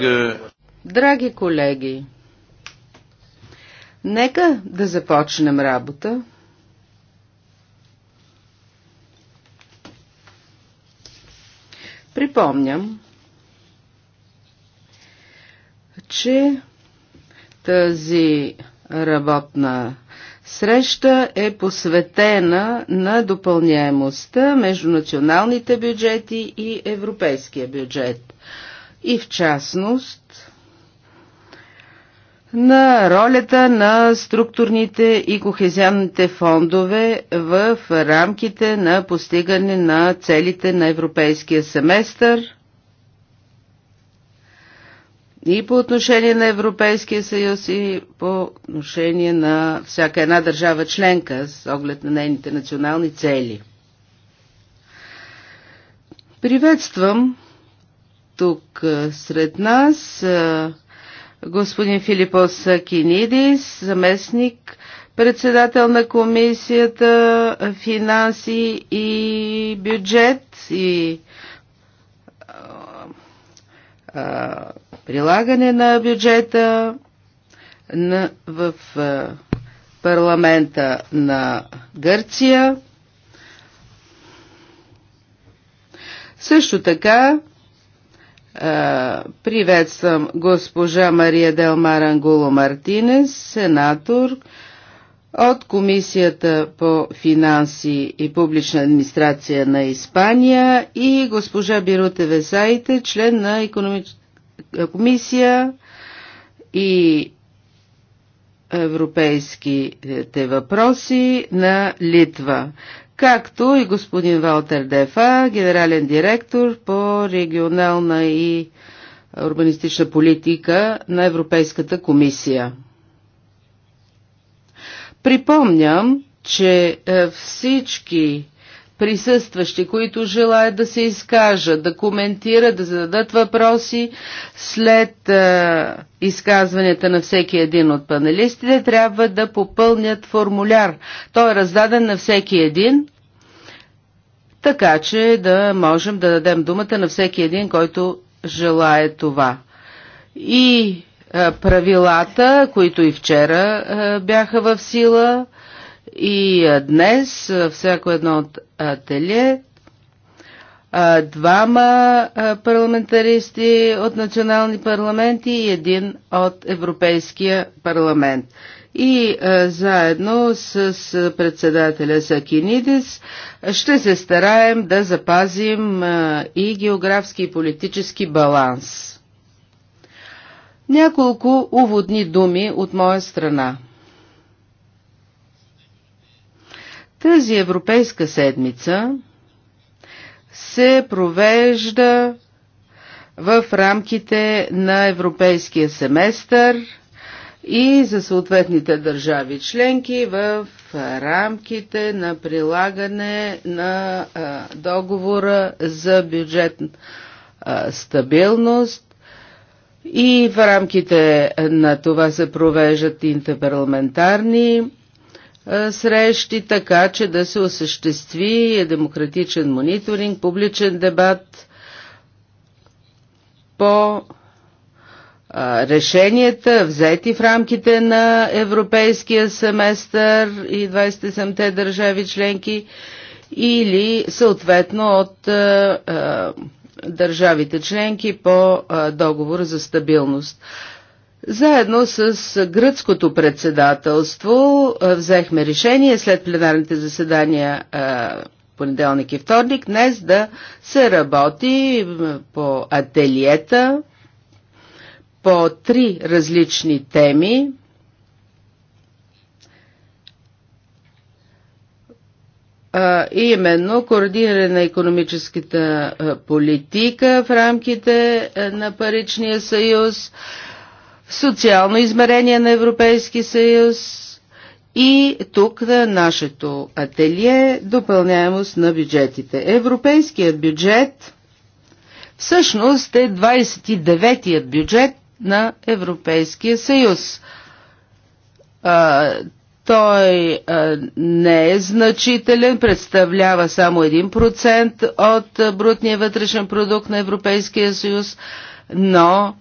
Euh, Драги колеги, нека да започнем работа. Припомням, че тази работна среща е посветена на допълняемостта между националните бюджети и европейския бюджет – и в частност на ролята на структурните и кохезионните фондове в рамките на постигане на целите на европейския семестър и по отношение на Европейския съюз и по отношение на всяка една държава членка с оглед на нейните национални цели. Приветствам тук сред нас господин Филипос Кинидис, заместник председател на комисията финанси и бюджет и а, прилагане на бюджета на, в а, парламента на Гърция. Също така е, приветствам госпожа Мария Делмар Ангуло Мартинес, сенатор от Комисията по финанси и публична администрация на Испания и госпожа Бирута Весаите, член на економическа комисия и европейските въпроси на Литва както и господин Валтер Дефа, генерален директор по регионална и урбанистична политика на Европейската комисия. Припомням, че е, всички присъстващи, които желаят да се изкажат, да коментират, да зададат въпроси след е, изказванията на всеки един от панелистите, трябва да попълнят формуляр. Той е раздаден на всеки един, така че да можем да дадем думата на всеки един, който желая това. И е, правилата, които и вчера е, бяха в сила, и днес всяко едно от ателие двама парламентаристи от национални парламенти и един от Европейския парламент. И заедно с председателя Сакинидис ще се стараем да запазим и географски и политически баланс. Няколко уводни думи от моя страна. Тази Европейска седмица се провежда в рамките на Европейския семестър и за съответните държави членки в рамките на прилагане на договора за бюджет стабилност и в рамките на това се провеждат интерпарламентарни е, срещи, така че да се осъществи е демократичен мониторинг, публичен дебат по решенията, взети в рамките на европейския семестър и 27-те държави членки или съответно от е, държавите членки по договор за стабилност. Заедно с гръцкото председателство взехме решение след пленарните заседания понеделник и вторник днес да се работи по ателиета по три различни теми. и именно координиране на економическата политика в рамките на Паричния съюз, социално измерение на Европейски съюз и тук на нашето ателие допълняемост на бюджетите. Европейският бюджет всъщност е 29-ият бюджет на Европейския съюз. А, той а, не е значителен, представлява само 1% от брутния вътрешен продукт на Европейския съюз, но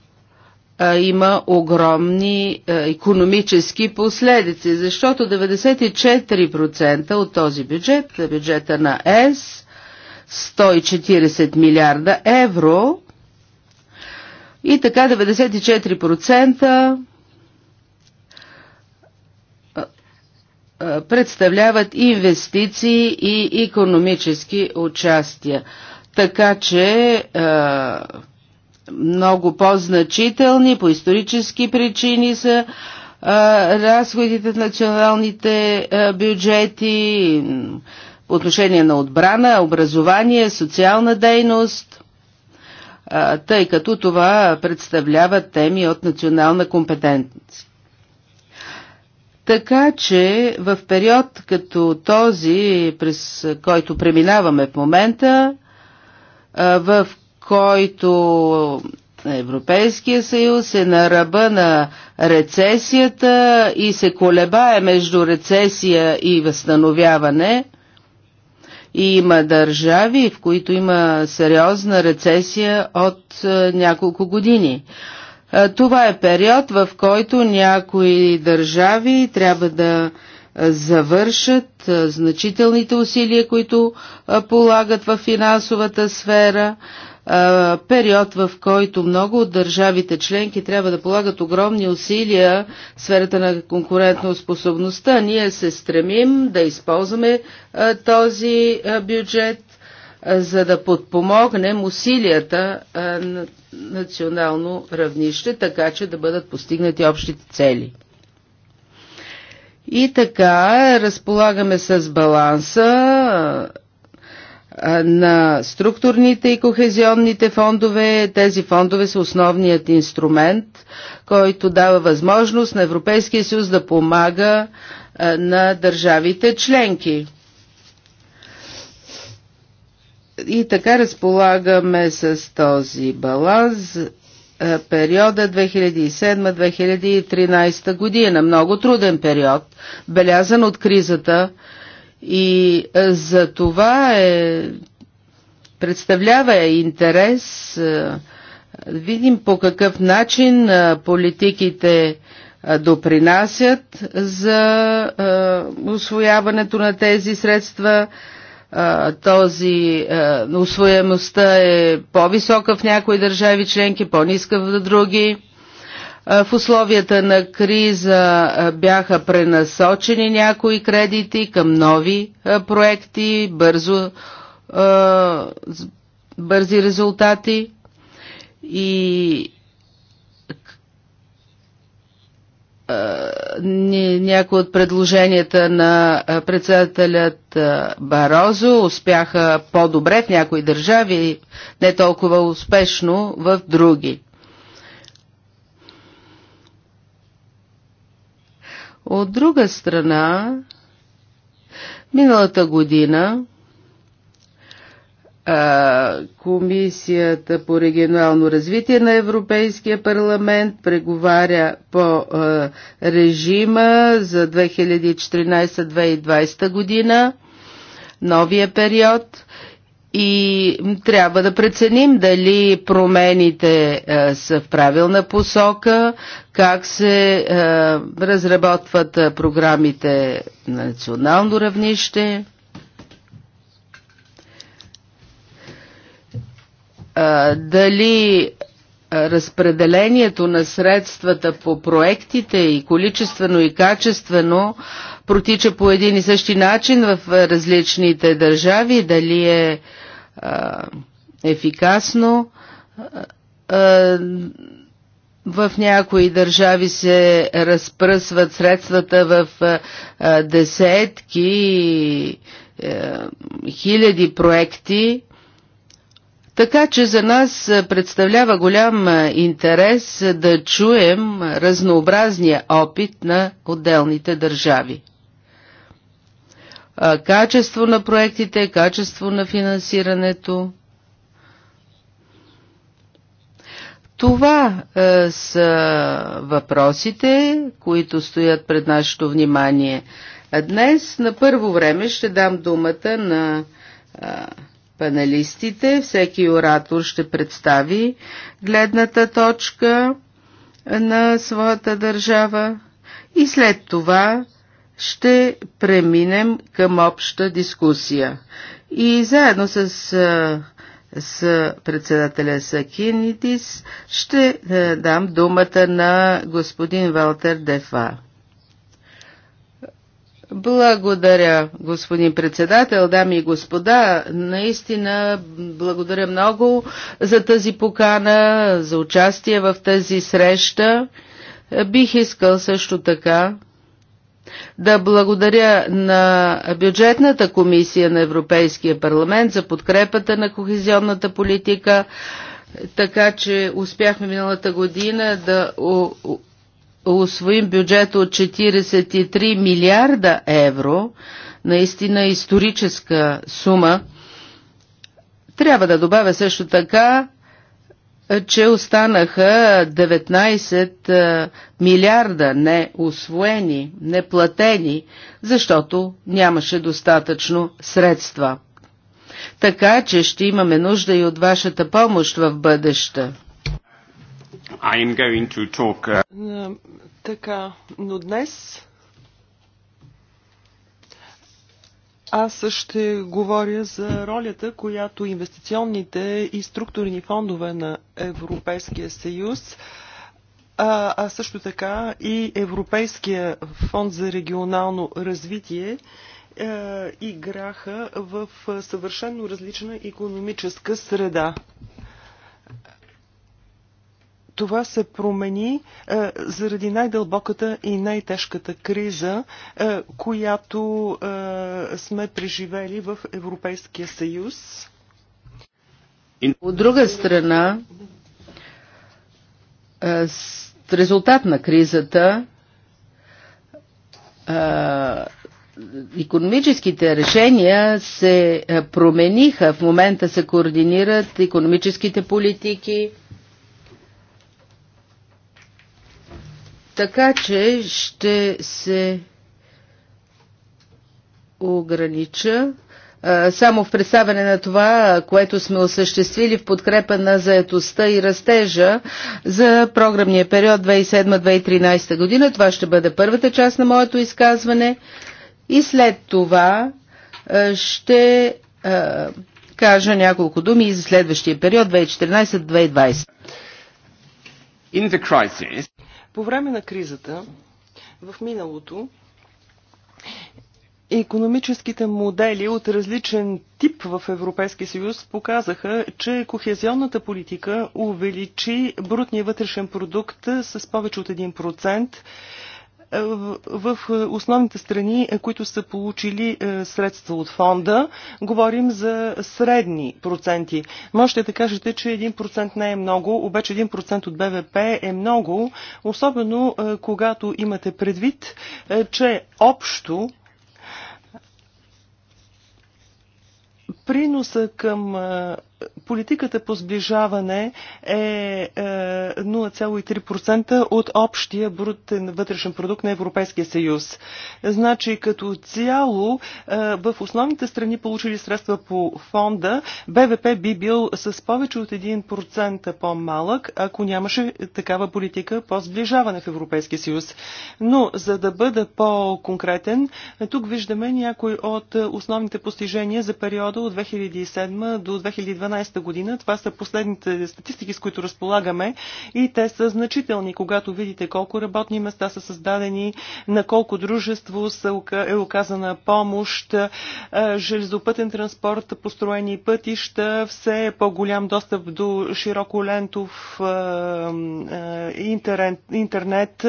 има огромни економически последици, защото 94% от този бюджет, бюджета на ЕС, 140 милиарда евро, и така 94% представляват инвестиции и економически участия. Така че много по-значителни, по исторически причини са разходите в националните бюджети по отношение на отбрана, образование, социална дейност, тъй като това представлява теми от национална компетентност. Така че в период като този, през който преминаваме в момента, в който Европейския съюз е на ръба на рецесията и се колебае между рецесия и възстановяване. И има държави, в които има сериозна рецесия от е, няколко години. Е, това е период, в който някои държави трябва да е, завършат значителните усилия, които полагат в финансовата сфера, период, в който много от държавите членки трябва да полагат огромни усилия в сферата на конкурентно способността. Ние се стремим да използваме този бюджет, за да подпомогнем усилията на национално равнище, така че да бъдат постигнати общите цели. И така, разполагаме с баланса на структурните и кохезионните фондове. Тези фондове са основният инструмент, който дава възможност на Европейския съюз да помага на държавите членки. И така разполагаме с този баланс периода 2007-2013 година. Много труден период, белязан от кризата, и е, за това е, представлява интерес да е, видим по какъв начин е, политиките допринасят за освояването на тези средства. Този освоемостта е по-висока в някои държави членки, по-ниска в други в условията на криза бяха пренасочени някои кредити към нови проекти, бързо, бързи резултати и някои от предложенията на председателят Барозо успяха по-добре в някои държави, не толкова успешно в други. От друга страна, миналата година Комисията по регионално развитие на Европейския парламент преговаря по режима за 2014-2020 година, новия период. И трябва да преценим дали промените е, са в правилна посока, как се е, разработват е, програмите на национално равнище. Е, дали е, разпределението на средствата по проектите и количествено и качествено протича по един и същи начин в различните държави, дали е ефикасно. В някои държави се разпръсват средствата в десетки, хиляди проекти, така че за нас представлява голям интерес да чуем разнообразния опит на отделните държави качество на проектите, качество на финансирането. Това е, са въпросите, които стоят пред нашето внимание. Днес на първо време ще дам думата на е, панелистите. Всеки оратор ще представи гледната точка на своята държава и след това ще преминем към обща дискусия. И заедно с, с председателя Сакинитис ще дам думата на господин Валтер Дефа. Благодаря, господин председател, дами и господа. Наистина благодаря много за тази покана, за участие в тази среща. Бих искал също така да благодаря на бюджетната комисия на Европейския парламент за подкрепата на кохезионната политика, така че успяхме миналата година да освоим бюджет от 43 милиарда евро, наистина историческа сума. Трябва да добавя също така че останаха 19 е, милиарда неосвоени, неплатени, защото нямаше достатъчно средства. Така че ще имаме нужда и от вашата помощ в бъдеще. going to talk, uh... Така, но днес Аз ще говоря за ролята, която инвестиционните и структурни фондове на Европейския съюз, а, а също така и Европейския фонд за регионално развитие а, е, играха в съвършенно различна економическа среда това се промени е, заради най-дълбоката и най-тежката криза, е, която е, сме преживели в Европейския съюз. От друга страна, е, с резултат на кризата, е, економическите решения се е, промениха. В момента се координират економическите политики, Така че ще се огранича само в представяне на това, което сме осъществили в подкрепа на заетостта и растежа за програмния период 2007-2013 година. Това ще бъде първата част на моето изказване и след това ще кажа няколко думи и за следващия период 2014-2020. По време на кризата, в миналото, Економическите модели от различен тип в Европейския съюз показаха, че кохезионната политика увеличи брутния вътрешен продукт с повече от 1%, е, в е, основните страни, е, които са получили средства от фонда, говорим за средни проценти. Можете да кажете, че 1% не е много, обаче 1% от БВП е много, особено когато имате предвид, че общо приноса към Политиката по сближаване е 0,3% е, от общия брутен вътрешен продукт на Европейския съюз. Значи като цяло е, в основните страни получили средства по фонда, БВП би бил с повече от 1% по-малък, ако нямаше такава политика по сближаване в Европейския съюз. Но за да бъда по-конкретен, тук виждаме някои от основните постижения за периода от 2007 до 2012 2012 година. Това са последните статистики, с които разполагаме и те са значителни, когато видите колко работни места са създадени, на колко дружество е оказана помощ, е, железопътен транспорт, построени пътища, все е по-голям достъп до широколентов е, е, интернет,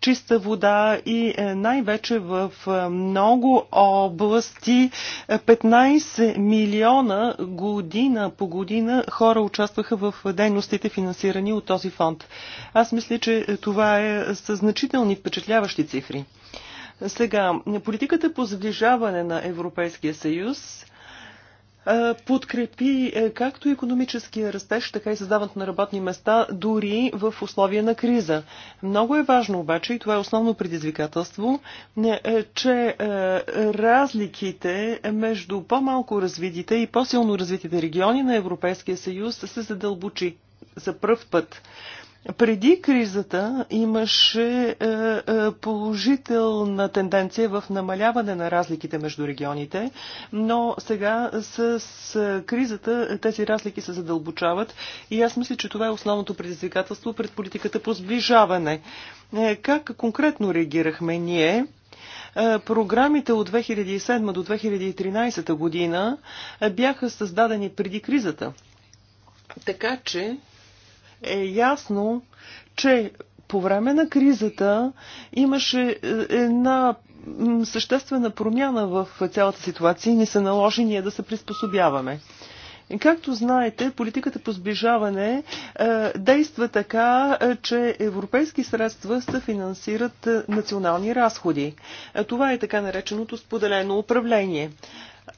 чиста вода и е, най-вече в е, много области 15 е, милиона година по година хора участваха в дейностите финансирани от този фонд. Аз мисля, че това е с значителни впечатляващи цифри. Сега, политиката по сближаване на Европейския съюз – подкрепи е, както економическия растеж, така и създаването на работни места, дори в условия на криза. Много е важно обаче, и това е основно предизвикателство, е, е, че разликите между по-малко развитите и по-силно развитите региони на Европейския съюз се задълбочи за пръв път. Преди кризата имаше е, е, положителна тенденция в намаляване на разликите между регионите, но сега с кризата тези разлики се задълбочават и аз мисля, че това е основното предизвикателство пред политиката по сближаване. Е, как конкретно реагирахме ние? Програмите от 2007 до 2013 година бяха създадени преди кризата. Така че е ясно, че по време на кризата имаше е, една съществена промяна в цялата ситуация и ни се наложи ние да се приспособяваме. Както знаете, политиката по сближаване е, действа така, е, че европейски средства се финансират е, национални разходи. Е, това е така нареченото споделено управление.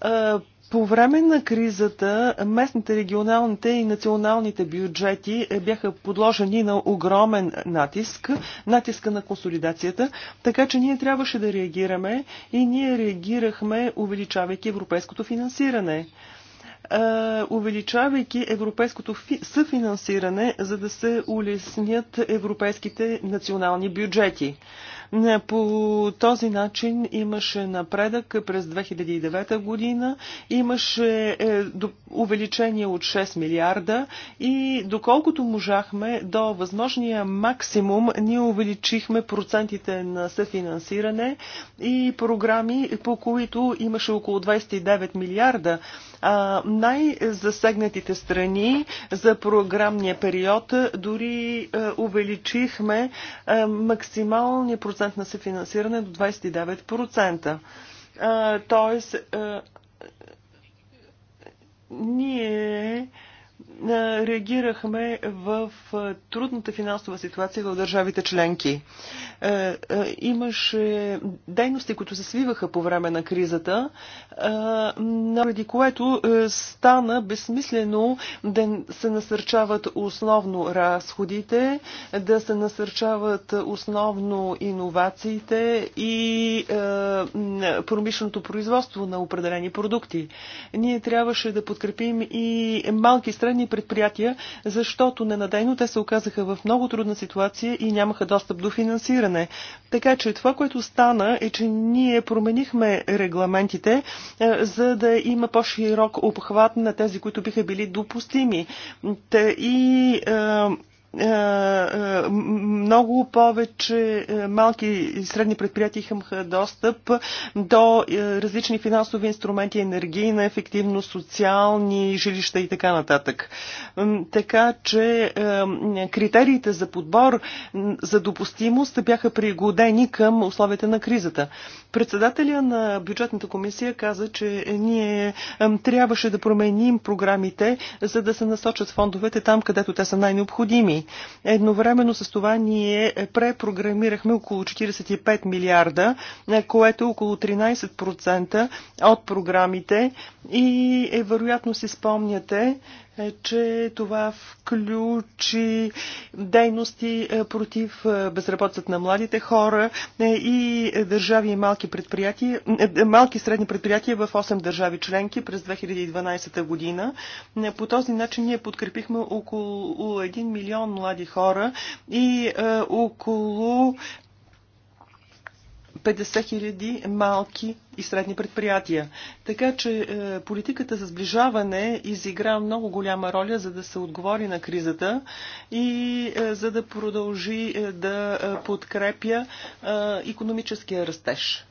Е, по време на кризата местните, регионалните и националните бюджети е, бяха подложени на огромен натиск, натиска на консолидацията, така че ние трябваше да реагираме и ние реагирахме, увеличавайки европейското финансиране е, увеличавайки европейското съфинансиране, за да се улеснят европейските национални бюджети. Е, по този начин имаше напредък през 2009 година, имаше е, увеличение от 6 милиарда и доколкото можахме до възможния максимум, ние увеличихме процентите на съфинансиране и програми, по които имаше около 29 милиарда най-засегнатите страни за програмния период дори увеличихме максималния процент на съфинансиране до 29%. Тоест, ние реагирахме в трудната финансова ситуация в държавите членки. Имаше дейности, които се свиваха по време на кризата, наради което стана безсмислено да се насърчават основно разходите, да се насърчават основно иновациите и промишленото производство на определени продукти. Ние трябваше да подкрепим и малки и средни предприятия, защото ненадейно те се оказаха в много трудна ситуация и нямаха достъп до финансиране. Така че това, което стана е, че ние променихме регламентите, е, за да има по-широк обхват на тези, които биха били допустими. Та и е, е, е, много повече е, малки и средни предприятия имаха достъп до различни финансови инструменти, енергийна ефективност, социални жилища и така нататък. Така че критериите за подбор за допустимост бяха пригодени към условията на кризата. Председателя на бюджетната комисия каза, че ние трябваше да променим програмите, за да се насочат фондовете там, където те са най-необходими. Едновременно с това ние препрограмирахме около 45 милиарда, което е около 13% от програмите и е, вероятно си спомняте, е, че това включи дейности е, против е, безработицата на младите хора и държави и малки предприятия, малки и средни предприятия в 8 държави членки през 2012 година. По този начин ние подкрепихме около 1 милион млади хора и около 50 хиляди малки и средни предприятия. Така че е, политиката за сближаване изигра много голяма роля, за да се отговори на кризата и е, за да продължи е, да е, подкрепя економическия растеж.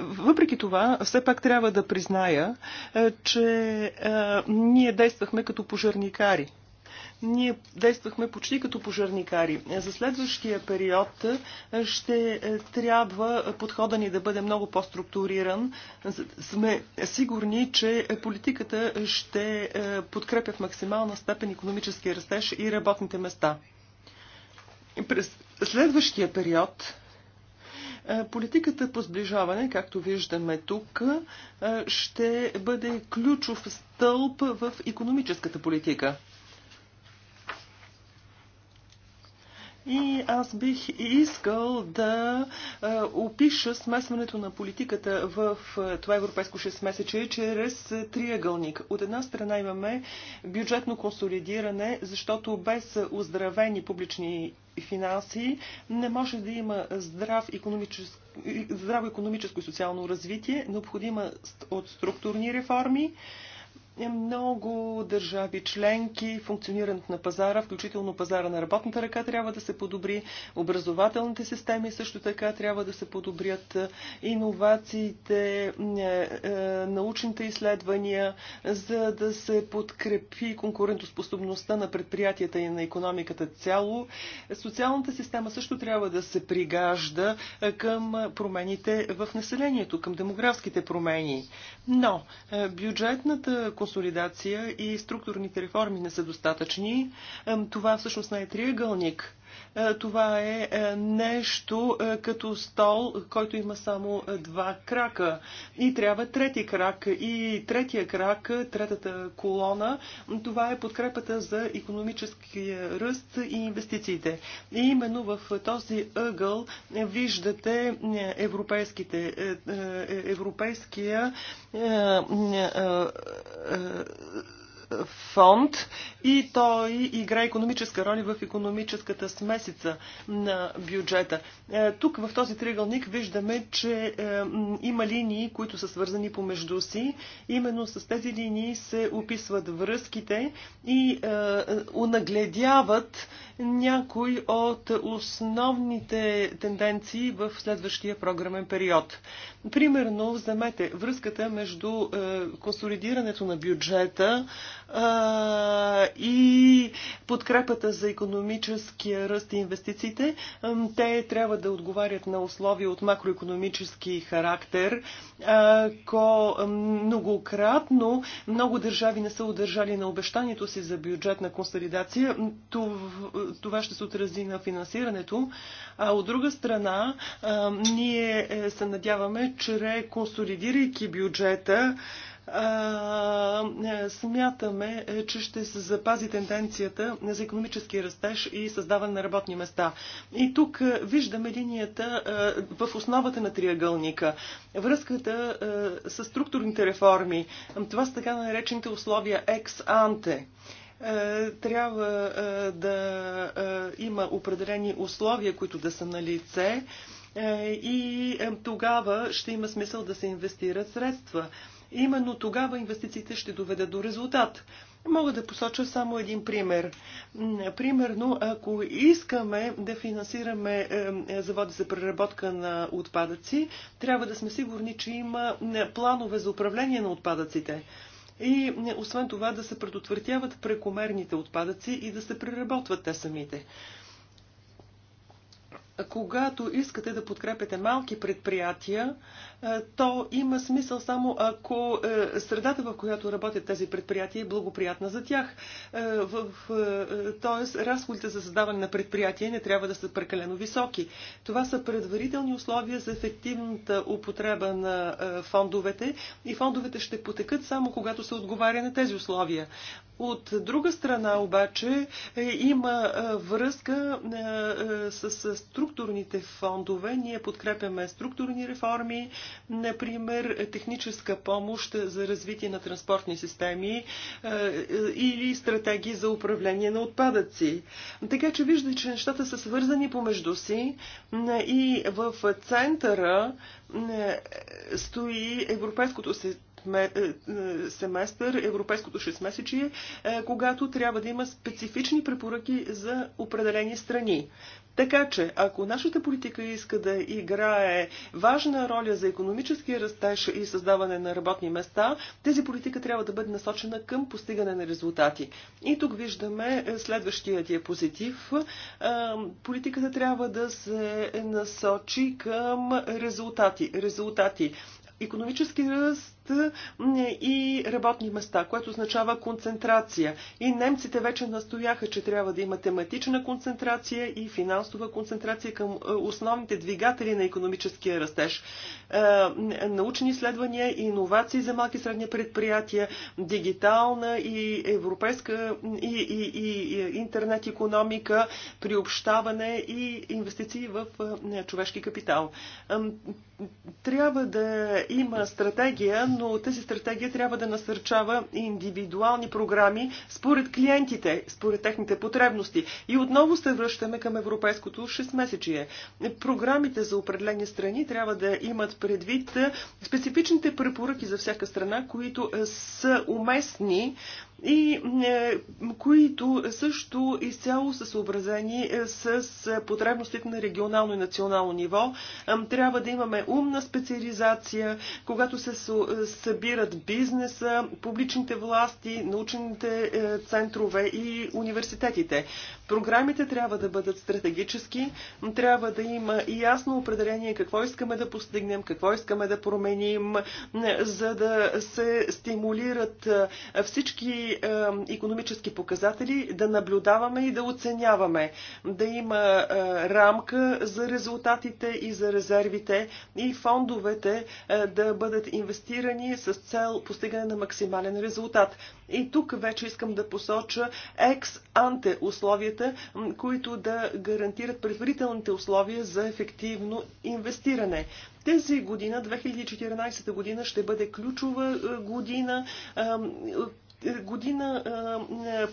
Въпреки това, все пак трябва да призная, е, че е, ние действахме като пожарникари – ние действахме почти като пожарникари. За следващия период е, ще е, трябва подхода ни да бъде много по-структуриран. Сме сигурни, че политиката ще е, подкрепя в максимална степен економическия растеж и работните места. През следващия период Политиката по сближаване, както виждаме тук, ще бъде ключов стълб в економическата политика. И аз бих искал да е, опиша смесването на политиката в е, това европейско 6 месече чрез триъгълник. От една страна имаме бюджетно консолидиране, защото без оздравени публични финанси не може да има здрав економически здраво економическо и социално развитие, необходима от структурни реформи, е, много държави членки, функционирането на пазара, включително пазара на работната ръка трябва да се подобри, образователните системи също така трябва да се подобрят, иновациите, е, е, научните изследвания, за да се подкрепи конкурентоспособността на предприятията и на економиката цяло. Социалната система също трябва да се пригажда към промените в населението, към демографските промени. Но бюджетната консолидация консолидация и структурните реформи не са достатъчни. Това всъщност не е триъгълник. Е, това е, е нещо е, като стол, който има само два крака. И трябва трети крак. И третия крак, третата колона, това е подкрепата за економическия ръст и инвестициите. И именно в този ъгъл виждате европейските, европейския фонд и той играе економическа роля в економическата смесица на бюджета. Е, тук в този триъгълник виждаме, че е, има линии, които са свързани помежду си. Именно с тези линии се описват връзките и е, унагледяват някои от основните тенденции в следващия програмен период. Примерно, вземете връзката между е, консолидирането на бюджета е, и подкрепата за економическия ръст и инвестициите. Те трябва да отговарят на условия от макроекономически характер. Ако многократно много държави не са удържали на обещанието си за бюджетна консолидация, това това ще се отрази на финансирането. А от друга страна, ние е, се надяваме, че консолидирайки бюджета, е, смятаме, е, че ще се запази тенденцията за економически растеж и създаване на работни места. И тук виждаме линията в основата на триъгълника. Връзката с структурните реформи. Това са така наречените условия ex-ante. Е, трябва е, да е, има определени условия, които да са на лице и тогава ще има смисъл да се инвестират средства. Именно тогава инвестициите ще доведат до резултат. Мога да посоча само един пример. Примерно, ако искаме да финансираме заводи за преработка на отпадъци, трябва да сме сигурни, че има планове за управление на отпадъците и е, освен това да се предотвратяват прекомерните отпадъци и да се преработват те самите когато искате да подкрепяте малки предприятия, е, то има смисъл само ако е, средата, в която работят тези предприятия, е благоприятна за тях. Е, тоест, разходите за създаване на предприятия не трябва да са прекалено високи. Това са предварителни условия за ефективната употреба на фондовете и фондовете ще потекат само когато се отговаря на тези условия. От друга страна обаче има връзка с структурните фондове. Ние подкрепяме структурни реформи, Например, техническа помощ за развитие на транспортни системи е, е, или стратегии за управление на отпадъци. Така че вижда, че нещата са свързани помежду си е, и в центъра стои Европейското е, е, семестър, европейското 6 месечие, е, когато трябва да има специфични препоръки за определени страни. Така че, ако нашата политика иска да играе важна роля за економическия растеж и създаване на работни места, тези политика трябва да бъде насочена към постигане на резултати. И тук виждаме следващия диапозитив. Политиката трябва да се насочи към резултати. Резултати. Економически ръст, и работни места, което означава концентрация. И немците вече настояха, че трябва да има тематична концентрация и финансова концентрация към е, основните двигатели на економическия растеж. Е, научни изследвания, иновации за малки и средни предприятия, дигитална и европейска и, и, и, и интернет економика, приобщаване и инвестиции в е, човешки капитал. Трябва да има стратегия, но тази стратегия трябва да насърчава индивидуални програми според клиентите, според техните потребности. И отново се връщаме към европейското 6-месечие. Програмите за определени страни трябва да имат предвид специфичните препоръки за всяка страна, които са уместни и е, които също изцяло са съобразени е, с е, потребностите на регионално и национално ниво. Трябва да имаме умна специализация, когато се събират бизнеса, публичните власти, научните центрове и университетите. Програмите трябва да бъдат стратегически, трябва да има и ясно определение какво искаме да постигнем, какво искаме да променим, за да се стимулират всички е, економически показатели да наблюдаваме и да оценяваме, да има е, рамка за резултатите и за резервите и фондовете е, да бъдат инвестирани с цел постигане на максимален резултат. И тук вече искам да посоча екс-анте условията, които да гарантират предварителните условия за ефективно инвестиране. Тези година, 2014 година, ще бъде ключова е, година, година,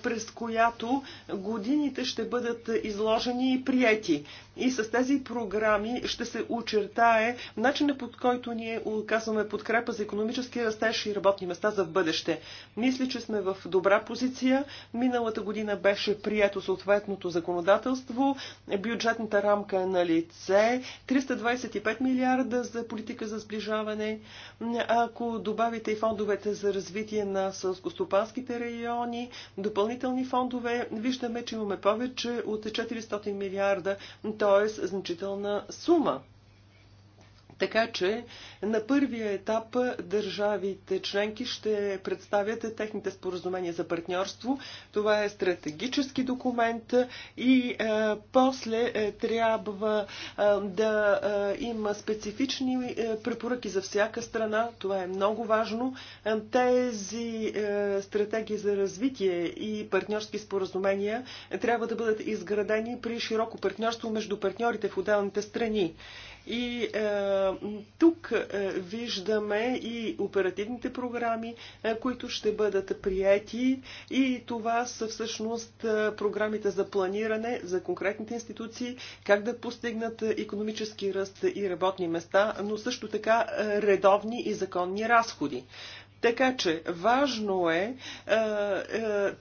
през която годините ще бъдат изложени и прияти и с тези програми ще се очертае начина под който ние оказваме подкрепа за економически растеж и работни места за в бъдеще. Мисля, че сме в добра позиция. Миналата година беше прието съответното законодателство, бюджетната рамка е на лице, 325 милиарда за политика за сближаване. Ако добавите и фондовете за развитие на сълскостопанските райони, допълнителни фондове, виждаме, че имаме повече от 400 милиарда, т.е т.е. значителна сума. Така че на първия етап държавите членки ще представят техните споразумения за партньорство. Това е стратегически документ и е, после е, трябва е, да е, има специфични е, препоръки за всяка страна. Това е много важно. Е, тези е, стратегии за развитие и партньорски споразумения е, трябва да бъдат изградени при широко партньорство между партньорите в отделните страни. И е, тук е, виждаме и оперативните програми, е, които ще бъдат прияти и това са всъщност е, програмите за планиране за конкретните институции, как да постигнат економически ръст и работни места, но също така е, редовни и законни разходи. Така че важно е, е, е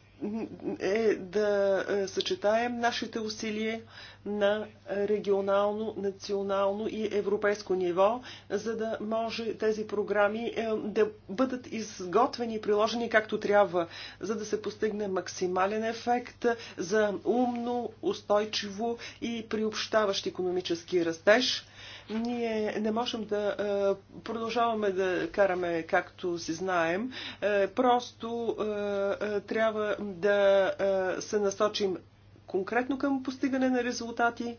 е да е, съчетаем нашите усилия на регионално, национално и европейско ниво, за да може тези програми е, да бъдат изготвени и приложени както трябва, за да се постигне максимален ефект за умно, устойчиво и приобщаващ економически растеж – ние не можем да е, продължаваме да караме както си знаем. Е, просто е, трябва да се насочим конкретно към постигане на резултати.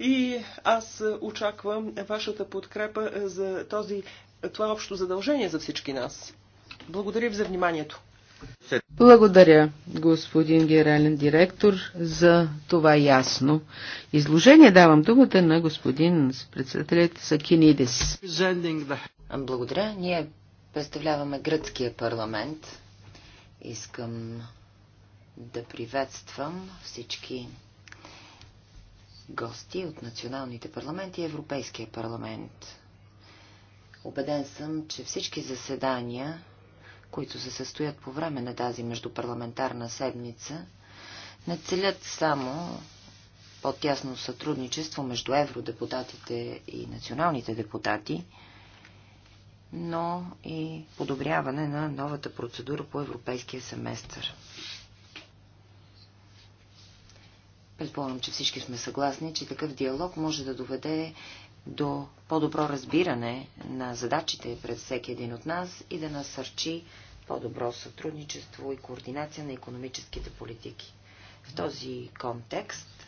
И аз очаквам вашата подкрепа за този, това общо задължение за всички нас. Благодаря ви за вниманието. Благодаря, господин генерален директор, за това ясно изложение. Давам думата на господин председателят Сакинидис. Благодаря. Ние представляваме гръцкия парламент. Искам да приветствам всички гости от националните парламенти и Европейския парламент. Обеден съм, че всички заседания които се състоят по време на тази междупарламентарна седмица, не целят само по-тясно сътрудничество между евродепутатите и националните депутати, но и подобряване на новата процедура по европейския семестър. Предполагам, че всички сме съгласни, че такъв диалог може да доведе до по-добро разбиране на задачите пред всеки един от нас и да насърчи по-добро сътрудничество и координация на економическите политики. В този контекст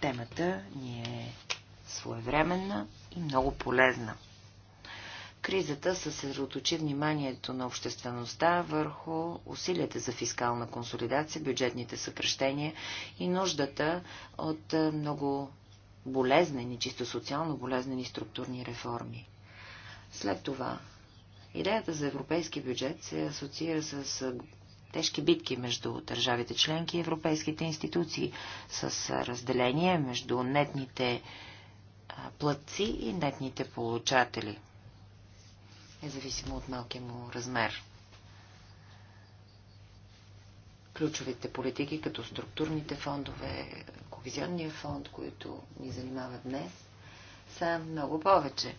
темата ни е своевременна и много полезна. Кризата съсредоточи вниманието на обществеността върху усилията за фискална консолидация, бюджетните съкръщения и нуждата от много болезнени, чисто социално болезнени структурни реформи. След това, идеята за европейски бюджет се асоциира с тежки битки между държавите членки и европейските институции, с разделение между нетните платци и нетните получатели, независимо от малкия му размер. Ключовите политики, като структурните фондове, Кохезионния фонд, които ни занимават днес, са много повече.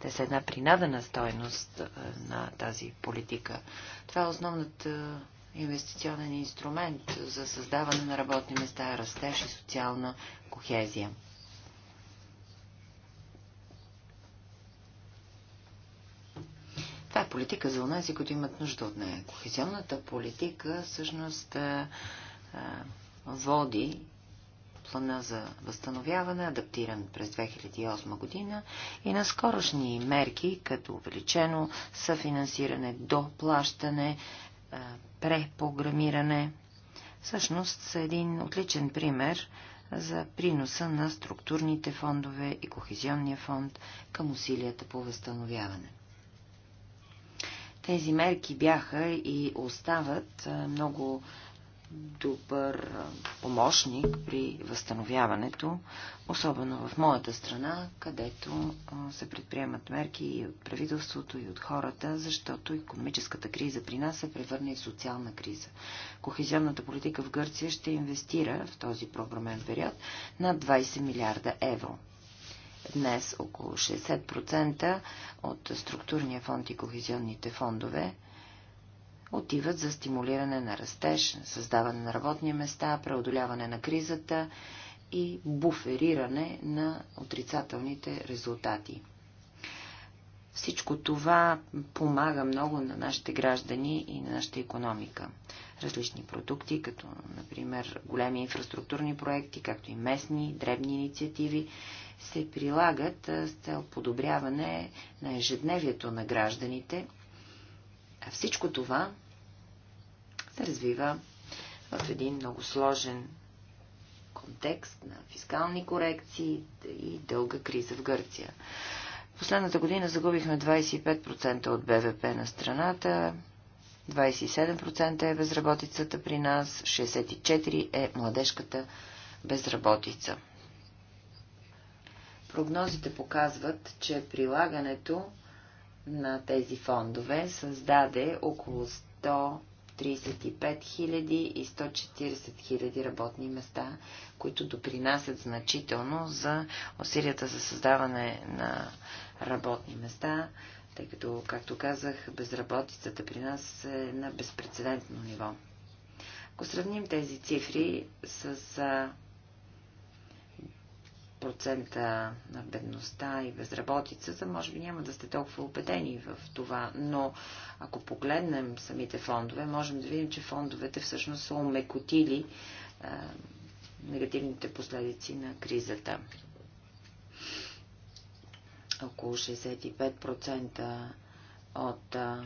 Те са една принадена стойност е, на тази политика. Това е основният е, инвестиционен инструмент за създаване на работни места, растеж и социална кохезия. Това е политика за унези, които имат нужда от нея. Кохезионната политика всъщност е, води плана за възстановяване, адаптиран през 2008 година, и на скорошни мерки, като увеличено съфинансиране, плащане, препограмиране, всъщност са един отличен пример за приноса на структурните фондове и Кохезионния фонд към усилията по възстановяване. Тези мерки бяха и остават много добър помощник при възстановяването, особено в моята страна, където се предприемат мерки и от правителството, и от хората, защото економическата криза при нас се превърна и в социална криза. Кохезионната политика в Гърция ще инвестира в този програмен период над 20 милиарда евро. Днес около 60% от структурния фонд и кохезионните фондове – отиват за стимулиране на растеж, създаване на работни места, преодоляване на кризата и буфериране на отрицателните резултати. Всичко това помага много на нашите граждани и на нашата економика. Различни продукти, като например големи инфраструктурни проекти, както и местни, дребни инициативи, се прилагат с цел подобряване на ежедневието на гражданите а всичко това се развива в един много сложен контекст на фискални корекции и дълга криза в Гърция. Последната година загубихме 25% от БВП на страната, 27% е безработицата при нас, 64% е младежката безработица. Прогнозите показват, че прилагането на тези фондове създаде около 135 000 и 140 000 работни места, които допринасят значително за усилията за създаване на работни места, тъй като, както казах, безработицата при нас е на безпредседентно ниво. Ако сравним тези цифри с процента на бедността и безработицата, може би няма да сте толкова убедени в това, но ако погледнем самите фондове, можем да видим, че фондовете всъщност са омекотили а, негативните последици на кризата. Около 65% от а,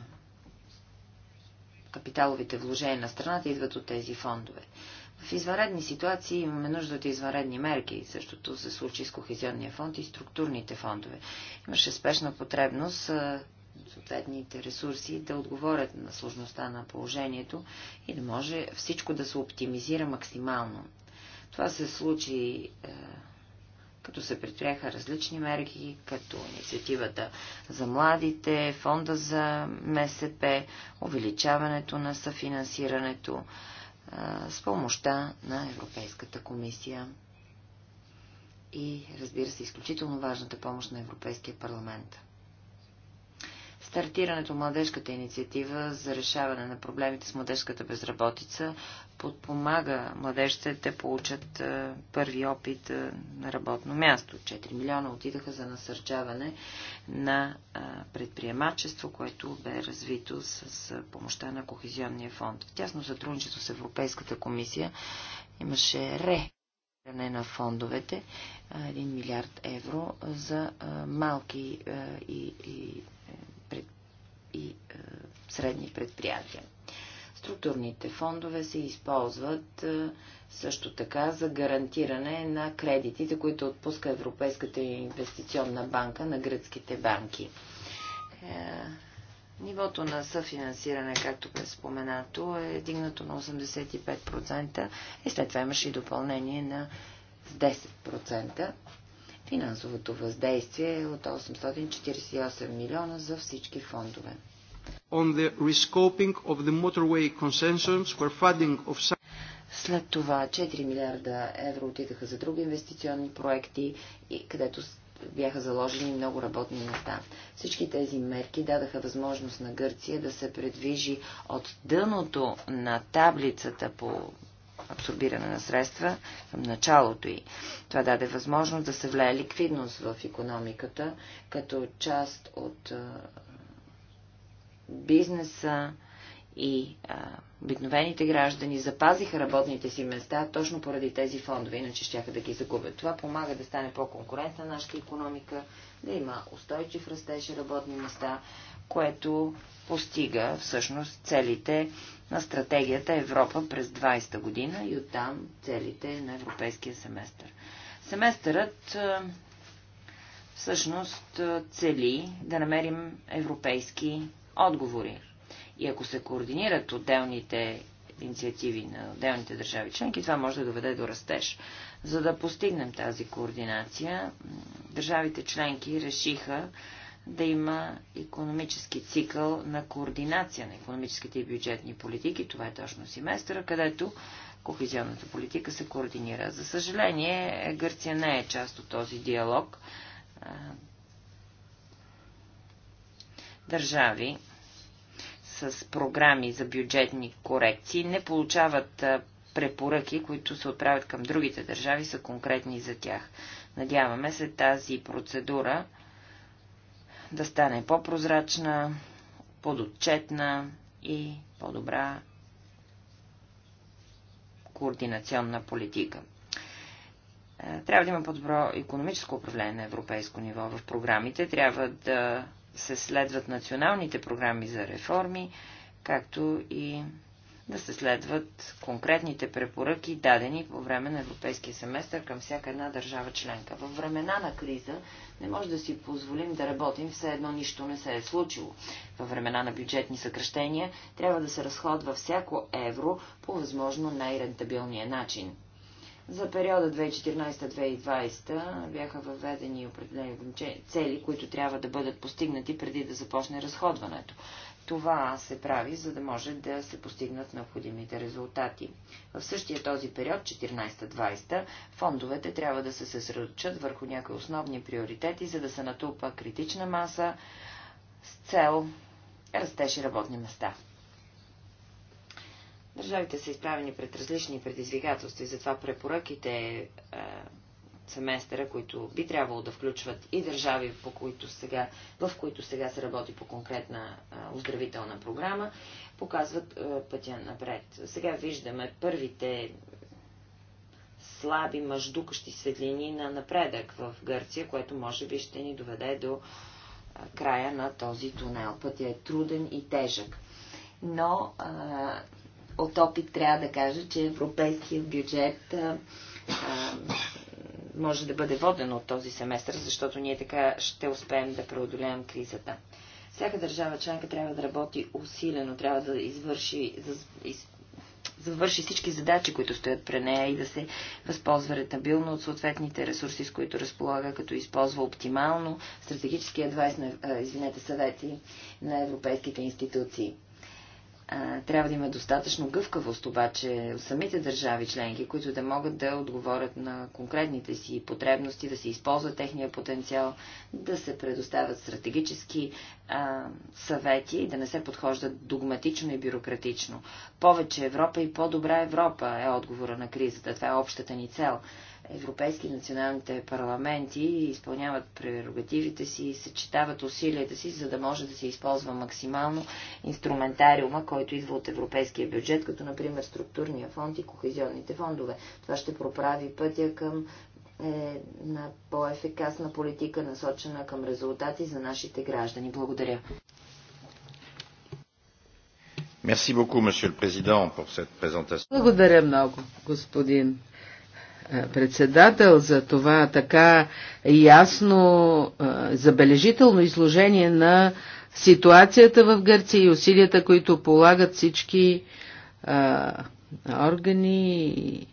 капиталовите вложения на страната идват от тези фондове. В изваредни ситуации имаме нужда от изваредни мерки. Същото се случи с Кохезионния фонд и структурните фондове. Имаше спешна потребност съответните ресурси да отговорят на сложността на положението и да може всичко да се оптимизира максимално. Това се случи като се предприеха различни мерки, като инициативата за младите, фонда за МСП, увеличаването на съфинансирането, с помощта на Европейската комисия и, разбира се, изключително важната помощ на Европейския парламент. Стартирането младежката инициатива за решаване на проблемите с младежката безработица подпомага младежите да получат е, първи опит е, на работно място. 4 милиона отидаха за насърчаване на е, предприемачество, което бе развито с помощта на Кохезионния фонд. В тясно сътрудничество с Европейската комисия имаше ре на фондовете 1 милиард евро за малки и, и и е, средни предприятия. Структурните фондове се използват е, също така за гарантиране на кредитите, които отпуска Европейската инвестиционна банка на гръцките банки. Е, Нивото на съфинансиране, както бе споменато, е дигнато на 85% и след това имаше и допълнение на 10%. Финансовото въздействие е от 848 милиона за всички фондове. След това 4 милиарда евро отидаха за други инвестиционни проекти, където бяха заложени много работни места. Всички тези мерки дадаха възможност на Гърция да се предвижи от дъното на таблицата по абсорбиране на средства към началото й. Това даде възможност да се влее ликвидност в економиката, като част от бизнеса и обикновените граждани запазиха работните си места точно поради тези фондове, иначе щяха да ги загубят. Това помага да стане по-конкурентна нашата економика, да има устойчив растеж и работни места, което постига всъщност целите на стратегията Европа през 20-та година и оттам целите на европейския семестър. Семестърът е, всъщност е, цели да намерим европейски отговори. И ако се координират отделните инициативи на отделните държави членки, това може да доведе до растеж. За да постигнем тази координация, държавите членки решиха да има економически цикъл на координация на економическите и бюджетни политики. Това е точно семестъра, където кохезионната политика се координира. За съжаление, Гърция не е част от този диалог. Държави с програми за бюджетни корекции не получават препоръки, които се отправят към другите държави, са конкретни за тях. Надяваме се тази процедура да стане по-прозрачна, подотчетна и по-добра координационна политика. Е, трябва да има по-добро економическо управление на европейско ниво в програмите. Трябва да се следват националните програми за реформи, както и да се следват конкретните препоръки, дадени по време на европейския семестър към всяка една държава членка. Във времена на криза не може да си позволим да работим все едно нищо не се е случило. Във времена на бюджетни съкръщения трябва да се разходва всяко евро по възможно най-рентабилния начин. За периода 2014-2020 бяха въведени определени цели, които трябва да бъдат постигнати преди да започне разходването. Това се прави, за да може да се постигнат необходимите резултати. В същия този период, 14-20, фондовете трябва да се съсредоточат върху някои основни приоритети, за да се натупа критична маса с цел растеж и работни места. Държавите са изправени пред различни предизвикателства и затова препоръките е, семестъра, които би трябвало да включват и държави, по които сега, в които сега се работи по конкретна оздравителна програма, показват пътя напред. Сега виждаме първите слаби, мъждукащи светлини на напредък в Гърция, което може би ще ни доведе до края на този тунел. Пътя е труден и тежък. Но а, от опит трябва да кажа, че европейският бюджет а, а, може да бъде водено от този семестър, защото ние така ще успеем да преодолеем кризата. Всяка държава членка трябва да работи усилено, трябва да извърши, да из, завърши всички задачи, които стоят при нея и да се възползва ретабилно от съответните ресурси, с които разполага, като използва оптимално стратегически адвайс на, извинете, съвети на европейските институции. Трябва да има достатъчно гъвкавост обаче от самите държави членки, които да могат да отговорят на конкретните си потребности, да се използва техния потенциал, да се предоставят стратегически а, съвети и да не се подхождат догматично и бюрократично. Повече Европа и по-добра Европа е отговора на кризата. Това е общата ни цел европейски националните парламенти изпълняват прерогативите си и съчетават усилията си, за да може да се използва максимално инструментариума, който идва от европейския бюджет, като например структурния фонд и кохезионните фондове. Това ще проправи пътя към е, на по ефекасна политика, насочена към резултати за нашите граждани. Благодаря. Merci beaucoup, Monsieur le Président, pour cette présentation. Благодаря много, господин е, председател за това така ясно, е, забележително изложение на ситуацията в Гърция и усилията, които полагат всички е, органи,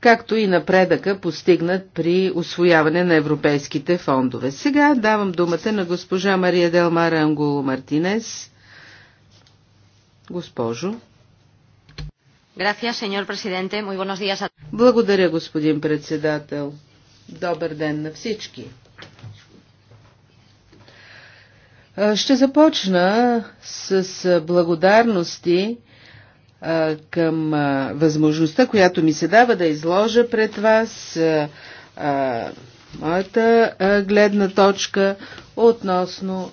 както и напредъка постигнат при освояване на европейските фондове. Сега давам думата на госпожа Мария Делмара Ангуло Мартинес. Госпожо señor presidente. Muy buenos días. Благодаря, господин председател. Добър ден на всички. Ще започна с благодарности към възможността, която ми се дава да изложа пред вас моята гледна точка относно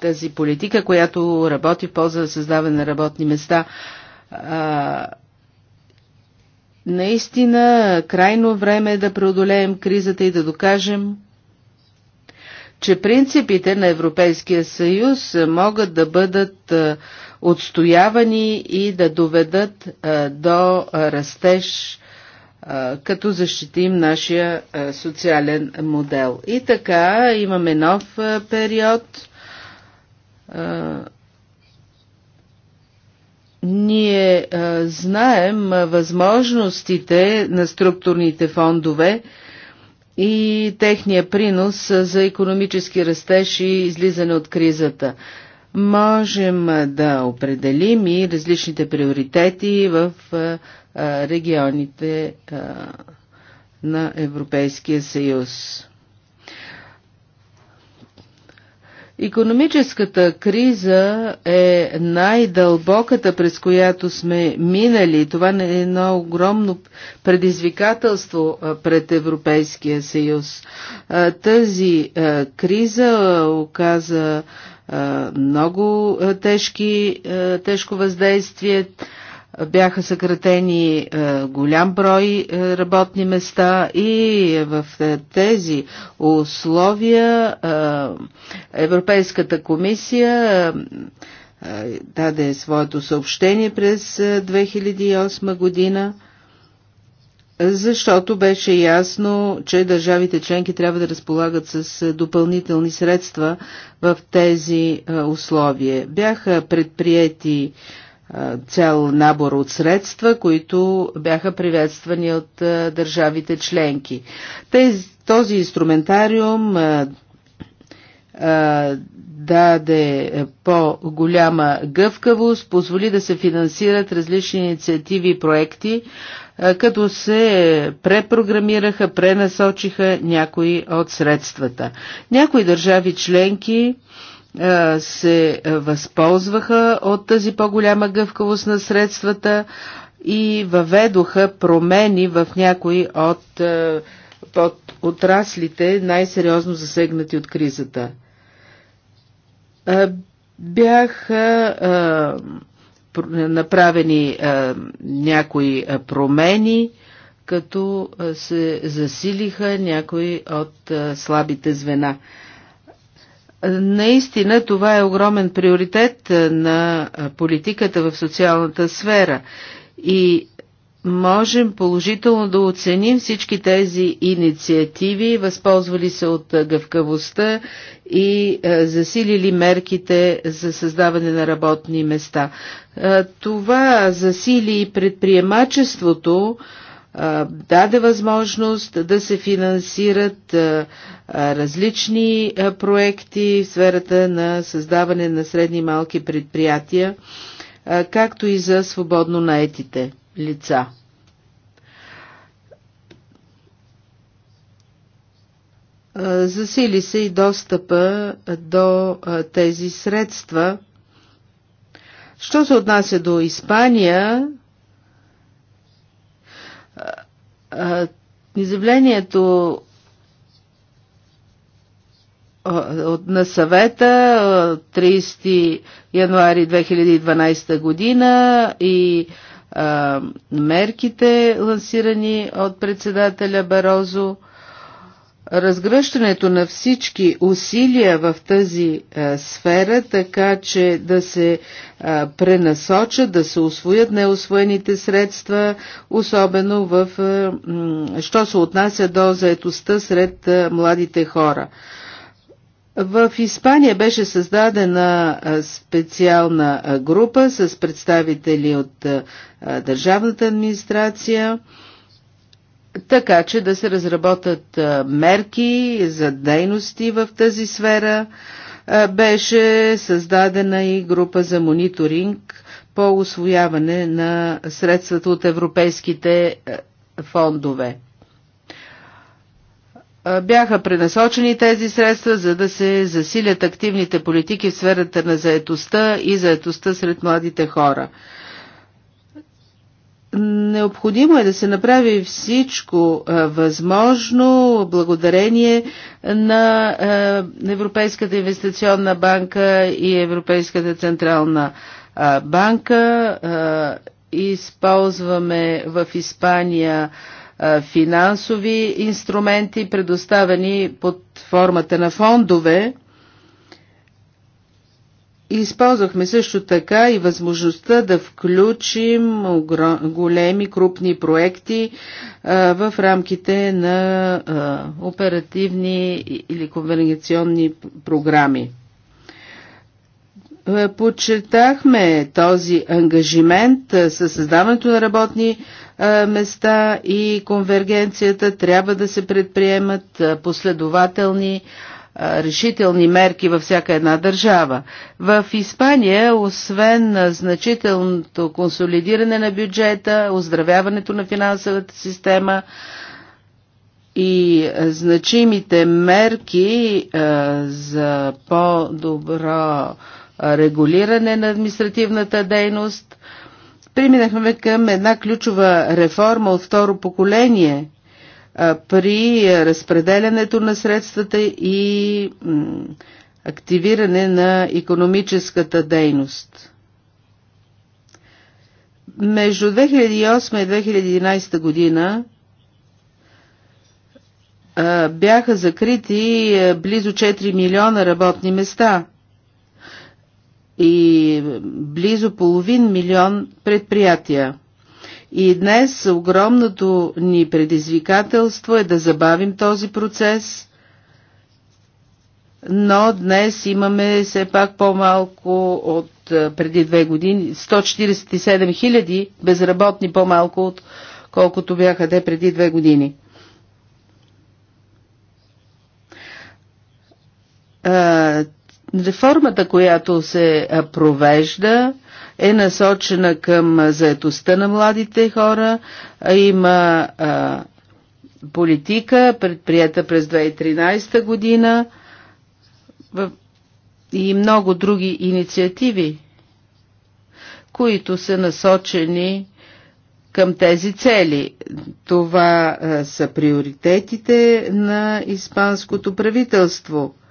тази политика, която работи в полза за създаване на работни места а, наистина, крайно време е да преодолеем кризата и да докажем, че принципите на Европейския съюз могат да бъдат отстоявани и да доведат до растеж, като защитим нашия социален модел. И така имаме нов период ние а, е, знаем а, е, възможностите на структурните фондове и техния принос а, за економически растеж и излизане от кризата. Можем а, е, да определим и различните приоритети в а, регионите на Европейския съюз. Економическата криза е най-дълбоката, през която сме минали. Това е едно огромно предизвикателство пред Европейския съюз. Тази криза оказа много тежки, тежко въздействие бяха съкратени е, голям брой е, работни места и в е, тези условия Европейската комисия даде своето съобщение през 2008 година, защото беше ясно, че държавите членки трябва да разполагат с допълнителни средства в тези условия. Бяха предприяти цял набор от средства, които бяха приветствани от държавите членки. този инструментариум даде по-голяма гъвкавост, позволи да се финансират различни инициативи и проекти, като се препрограмираха, пренасочиха някои от средствата. Някои държави членки се възползваха от тази по-голяма гъвкавост на средствата и въведоха промени в някои от под отраслите, най-сериозно засегнати от кризата. Бяха направени някои промени, като се засилиха някои от слабите звена. Наистина това е огромен приоритет е, на е, политиката в социалната сфера и можем положително да оценим всички тези инициативи, възползвали се от е, гъвкавостта и засилили мерките за създаване на работни места. Това засили и предприемачеството, даде възможност да се финансират различни проекти в сферата на създаване на средни и малки предприятия, както и за свободно наетите лица. Засили се и достъпа до тези средства. Що се отнася до Испания, Изявлението на съвета 30 януари 2012 година и мерките, лансирани от председателя Барозо, разгръщането на всички усилия в тази а, е, сфера, така че да се а, е, пренасочат, да се освоят неосвоените средства, особено в, а, е, м, що се отнася до заетостта сред а, младите хора. В Испания беше създадена специална група с представители от държавната администрация, така че да се разработят мерки за дейности в тази сфера. Беше създадена и група за мониторинг по освояване на средствата от европейските фондове. Бяха пренасочени тези средства, за да се засилят активните политики в сферата на заетостта и заетостта сред младите хора. Необходимо е да се направи всичко възможно благодарение на Европейската инвестиционна банка и Европейската централна банка. Използваме в Испания финансови инструменти, предоставени под формата на фондове Използвахме също така и възможността да включим големи, крупни проекти в рамките на оперативни или конвергационни програми. Почетахме този ангажимент със създаването на работни места и конвергенцията трябва да се предприемат последователни решителни мерки във всяка една държава. В Испания, освен значителното консолидиране на бюджета, оздравяването на финансовата система и значимите мерки за по-добро регулиране на административната дейност, преминахме към една ключова реформа от второ поколение – при разпределянето на средствата и активиране на економическата дейност. Между 2008 и 2011 година бяха закрити близо 4 милиона работни места и близо половин милион предприятия. И днес огромното ни предизвикателство е да забавим този процес, но днес имаме все пак по-малко от преди две години, 147 хиляди безработни по-малко от колкото бяха те преди две години. Реформата, която се провежда, е насочена към заетостта на младите хора. Има а, политика, предприята през 2013 година и много други инициативи, които са насочени към тези цели. Това а, са приоритетите на испанското правителство –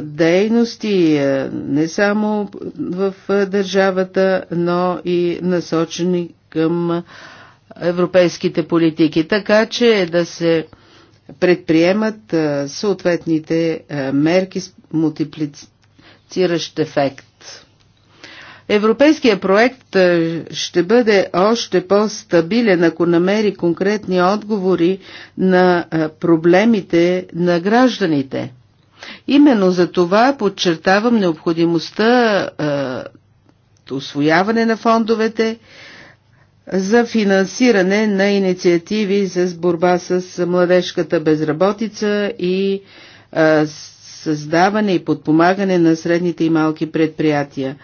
дейности не само в държавата, но и насочени към европейските политики, така че да се предприемат съответните мерки с мултиплициращ ефект. Европейския проект ще бъде още по-стабилен, ако намери конкретни отговори на проблемите на гражданите. Именно за това подчертавам необходимостта е, освояване на фондовете за финансиране на инициативи за борба с младежката безработица и е, създаване и подпомагане на средните и малки предприятия.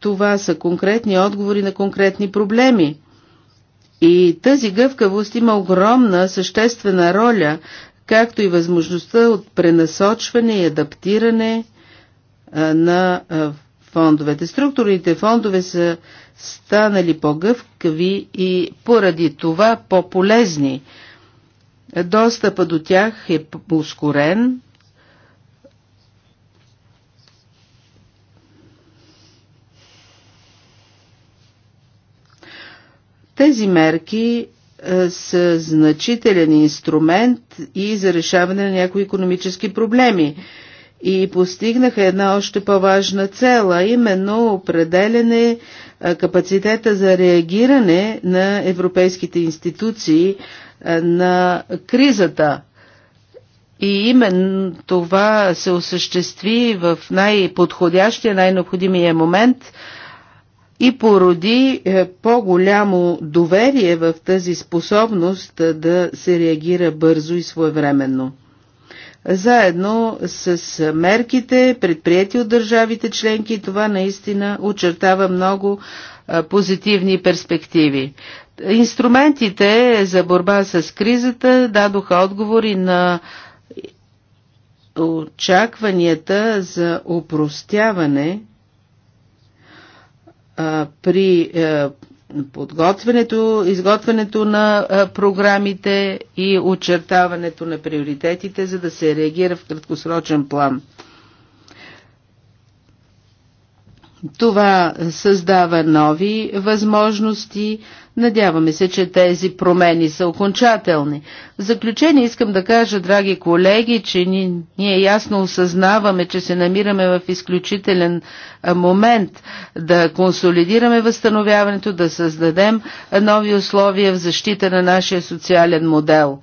Това са конкретни отговори на конкретни проблеми. И тази гъвкавост има огромна съществена роля както и възможността от пренасочване и адаптиране на фондовете. Структурните фондове са станали по-гъвкави и поради това по-полезни. Достъпа до тях е ускорен. Тези мерки е, са значителен инструмент и за решаване на някои економически проблеми. И постигнаха една още по-важна цел, а именно определене е, капацитета за реагиране на европейските институции е, на кризата. И именно това се осъществи в най-подходящия, най-необходимия момент – и породи е, по-голямо доверие в тази способност е, да се реагира бързо и своевременно. Заедно с е, мерките, предприяти от държавите членки, това наистина очертава много позитивни перспективи. Инструментите за борба с кризата дадоха отговори на очакванията за упростяване – при е, подготвянето, изготвянето на е, програмите и очертаването на приоритетите, за да се реагира в краткосрочен план. Това създава нови възможности. Надяваме се, че тези промени са окончателни. В заключение искам да кажа, драги колеги, че ние ясно осъзнаваме, че се намираме в изключителен момент да консолидираме възстановяването, да създадем нови условия в защита на нашия социален модел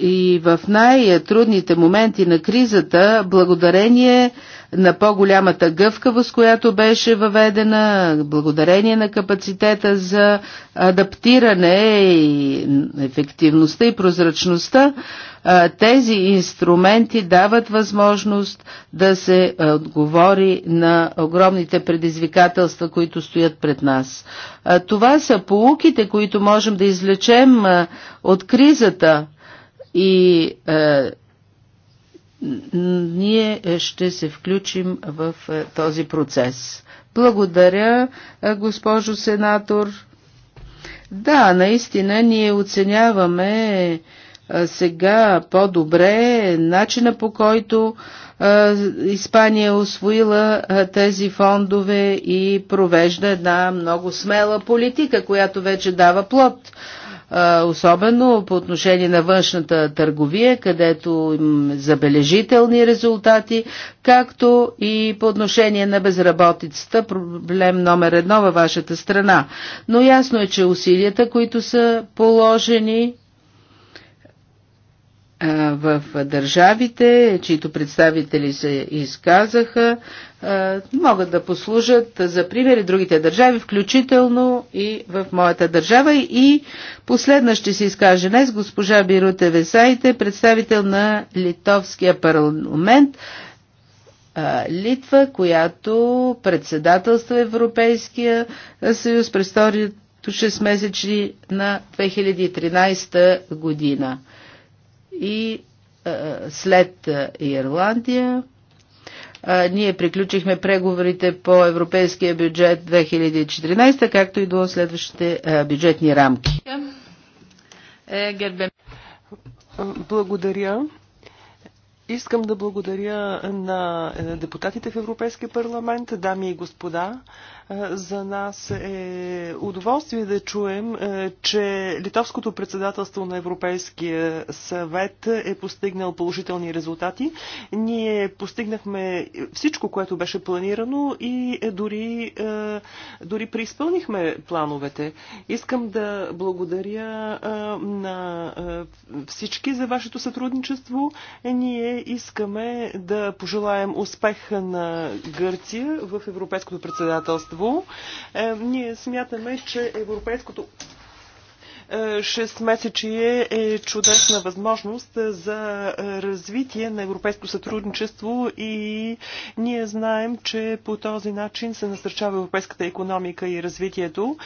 и в най-трудните моменти на кризата, благодарение на по-голямата гъвкавост, която беше въведена, благодарение на капацитета за адаптиране и ефективността и прозрачността, тези инструменти дават възможност да се отговори на огромните предизвикателства, които стоят пред нас. Това са полуките, които можем да излечем от кризата и е, ние ще се включим в е, този процес. Благодаря, е, госпожо сенатор. Да, наистина ние оценяваме е, сега по-добре начина по който е, Испания е освоила е, тези фондове и провежда една много смела политика, която вече дава плод особено по отношение на външната търговия, където имаме забележителни резултати, както и по отношение на безработицата, проблем номер едно във вашата страна. Но ясно е, че усилията, които са положени в държавите, чието представители се изказаха, е, могат да послужат за примери другите държави, включително и в моята държава. И последна ще се изкаже днес госпожа Бируте Весайте, представител на Литовския парламент, е, Литва, която председателства Европейския съюз през второто 6 месечи на 2013 година. И е, след Ирландия, ние приключихме преговорите по европейския бюджет 2014, както и до следващите бюджетни рамки. Е, благодаря. Искам да благодаря на депутатите в Европейския парламент, дами и господа. Е, за нас е удоволствие да чуем, е, че литовското председателство на Европейския съвет е постигнал положителни резултати. Ние постигнахме всичко, което беше планирано и е, дори, дори преизпълнихме плановете. Искам да благодаря на всички за вашето сътрудничество. Ние искаме да пожелаем успех на Гърция в Европейското председателство общество. Е, ние смятаме, че европейското 6-месечие е, е, е чудесна възможност за развитие на европейско сътрудничество и ние знаем, че по този начин се насърчава европейската економика и развитието.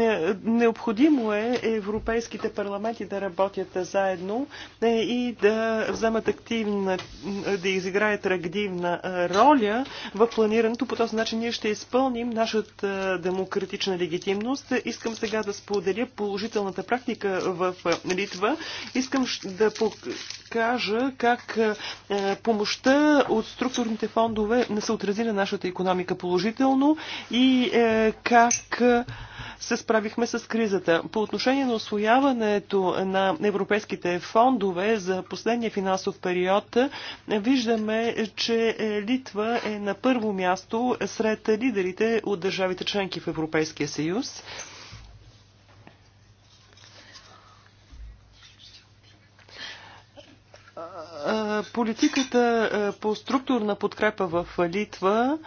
Е, необходимо е европейските парламенти да работят заедно и да вземат активна, да изиграят активна роля в планирането. По този начин ние ще изпълним нашата демократична легитимност. Искам сега да споделя положителната практика в Литва. Искам да покажа как е, помощта от структурните фондове не се отрази на нашата економика положително и е, как се справихме с кризата. По отношение на освояването на европейските фондове за последния финансов период, виждаме, че е, Литва е на първо място сред лидерите от държавите членки в Европейския съюз. Политиката по структурна подкрепа в Литва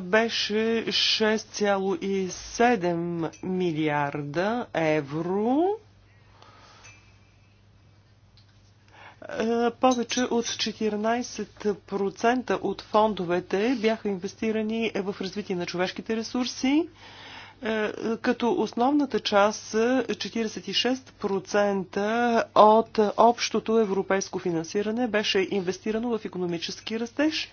беше 6,7 милиарда евро. Повече от 14% от фондовете бяха инвестирани в развитие на човешките ресурси, е, като основната част са 46% от общото европейско финансиране беше инвестирано в економически растеж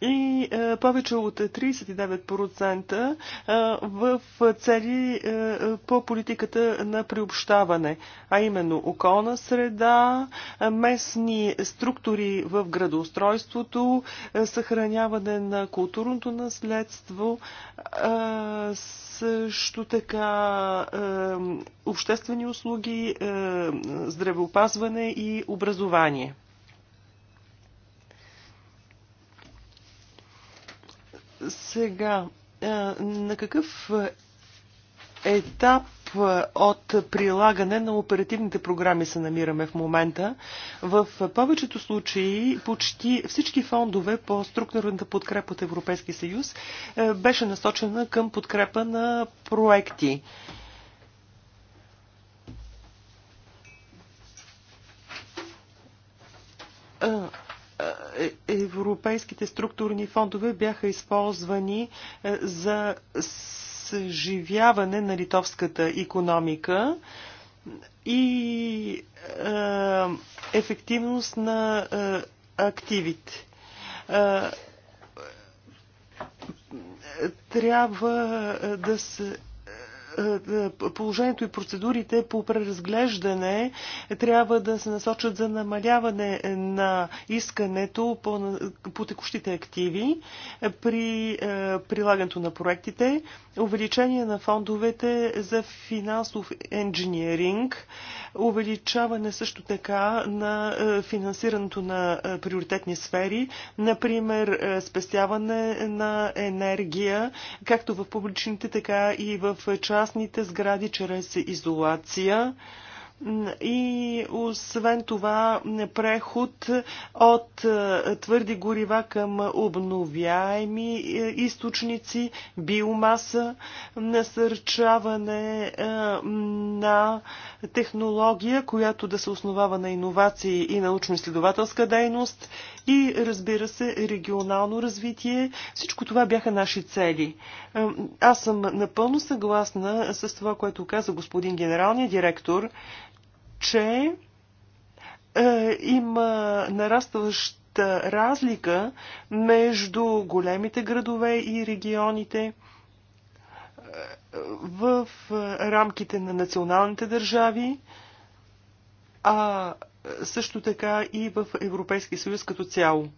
и е, повече от 39% е, в цели е, по политиката на приобщаване, а именно околна среда, местни структури в градоустройството, съхраняване на културното наследство, също така обществени услуги, здравеопазване и образование. Сега, е, на какъв етап е, от прилагане на оперативните програми се намираме в момента. В повечето случаи почти всички фондове по структурната подкрепа от Европейски съюз е, беше насочена към подкрепа на проекти. А, е, европейските структурни фондове бяха използвани е, за съживяване на литовската економика и е, ефективност на активите трябва да се е, е, положението и процедурите по преразглеждане трябва да се насочат за намаляване на искането по, по текущите активи е, при прилагането на проектите, увеличение на фондовете за финансов инжиниринг, увеличаване също така на е, финансирането на е, приоритетни сфери, например е, спестяване на енергия, както в публичните, така и в частните сгради чрез изолация. И освен това преход от е, твърди горива към обновяеми е, източници, биомаса, насърчаване е, на технология, която да се основава на иновации и научно-изследователска дейност и разбира се регионално развитие. Всичко това бяха наши цели. Аз съм напълно съгласна с това, което каза господин генералния директор, че е, има нарастваща разлика между големите градове и регионите е, в рамките на националните държави, а също така и в Европейския съюз като цяло.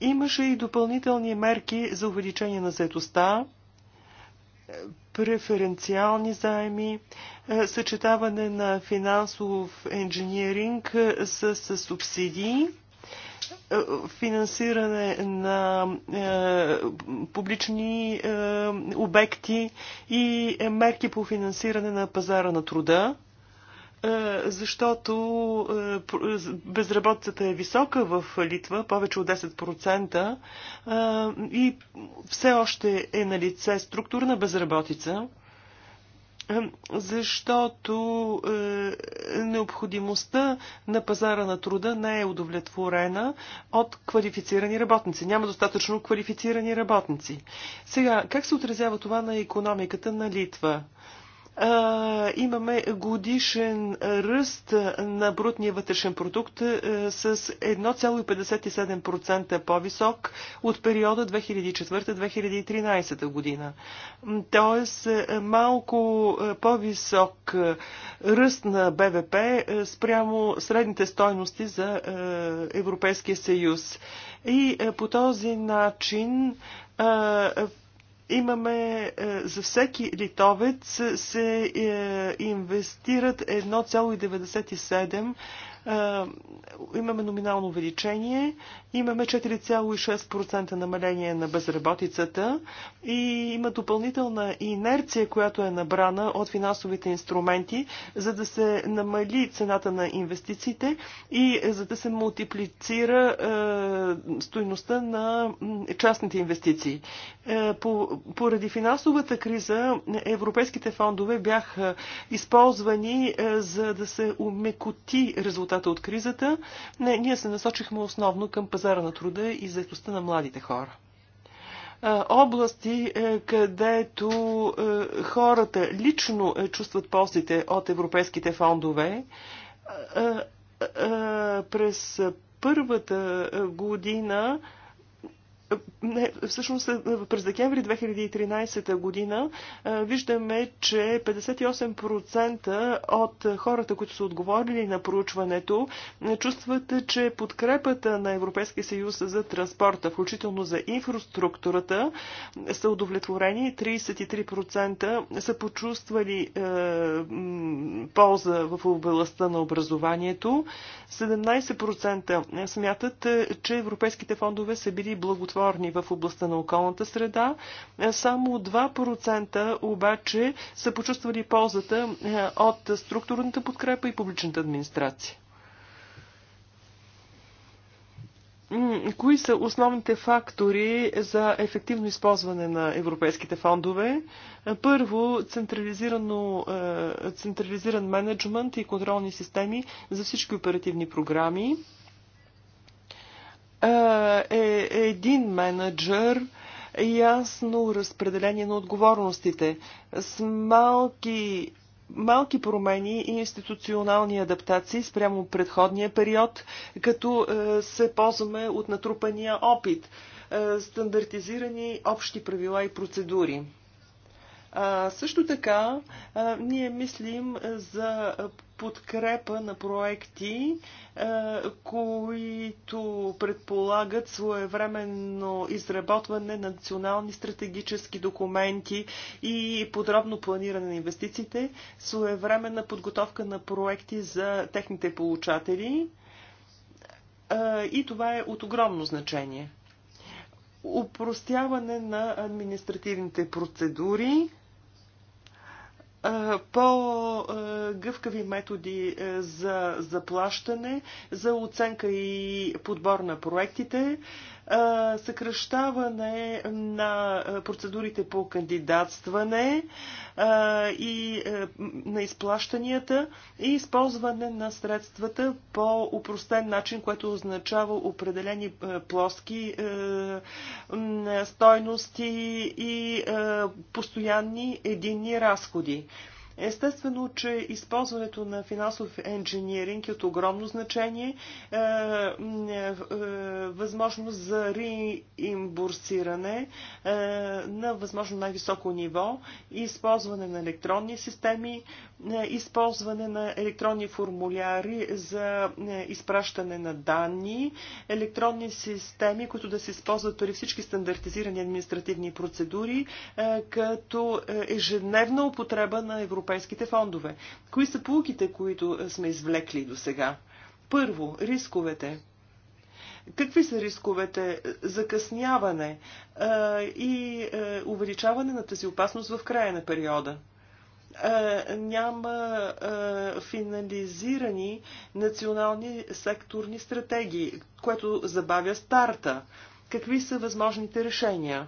Имаше и допълнителни мерки за увеличение на заетостта, преференциални заеми, е, съчетаване на финансов инженеринг е, с субсидии, е, финансиране на публични обекти и мерки по финансиране на пазара на труда. Е, защото е, безработицата е висока в Литва, повече от 10%, е, и все още е на лице структурна безработица, защото необходимостта на пазара на труда не е удовлетворена от квалифицирани работници. Няма достатъчно квалифицирани работници. Сега, как се отразява това на економиката на Литва? имаме годишен ръст на брутния вътрешен продукт с 1,57% по-висок от периода 2004-2013 година. Тоест малко по-висок ръст на БВП спрямо средните стойности за Европейския съюз. И по този начин имаме е, за всеки литовец се е, инвестират 1,97 е, имаме номинално увеличение, имаме 4,6% намаление на безработицата и има допълнителна инерция, която е набрана от финансовите инструменти, за да се намали цената на инвестициите и за да се мултиплицира е, стоеността на частните инвестиции. Е, поради финансовата криза европейските фондове бяха използвани за да се умекоти резултатите резултата от кризата, не, ние се насочихме основно към пазара на труда и заедността на младите хора области, е, където е, хората лично е, чувстват ползите от европейските фондове. През първата година не, всъщност е, през декември 2013 година е, виждаме, че 58% от хората, които са отговорили на проучването, е, чувстват, че подкрепата на Европейския съюз за транспорта, включително за инфраструктурата, са удовлетворени. 33% са почувствали е, полза в областта на образованието. 17% смятат, че европейските фондове са били благотворени отговорни в областта на околната среда. Е, само 2% обаче са почувствали ползата е, от структурната подкрепа и публичната администрация. кои са основните фактори за ефективно използване на европейските фондове? Е, първо, централизиран менеджмент и контролни системи за всички оперативни програми е един менеджер, ясно разпределение на отговорностите. С малки малки промени и институционални адаптации спрямо предходния период, като е, се ползваме от натрупания опит, е, стандартизирани общи правила и процедури. А, също така, а, ние мислим за подкрепа на проекти, а, които предполагат своевременно изработване на национални стратегически документи и подробно планиране на инвестициите, своевременна подготовка на проекти за техните получатели. А, и това е от огромно значение упростяване на административните процедури, по гъвкави методи е, за заплащане, за оценка и подбор на проектите, е, съкръщаване на е, процедурите по кандидатстване и на изплащанията и използване на средствата по упростен начин, което означава определени плоски стойности и постоянни единни разходи. Естествено, че използването на финансов енжиниринг е от огромно значение. Е, е, е, възможност за реимбурсиране на възможно най-високо ниво, използване на електронни системи, използване на електронни формуляри за изпращане на данни, електронни системи, които да се използват при всички стандартизирани административни процедури, като ежедневна употреба на Европейския европейските фондове. Кои са полуките, които е, сме извлекли до сега? Първо, рисковете. Какви са рисковете? Закъсняване а, е, и а, е, увеличаване на тази опасност в края на периода няма финализирани национални секторни стратегии, което забавя старта. Какви са възможните решения?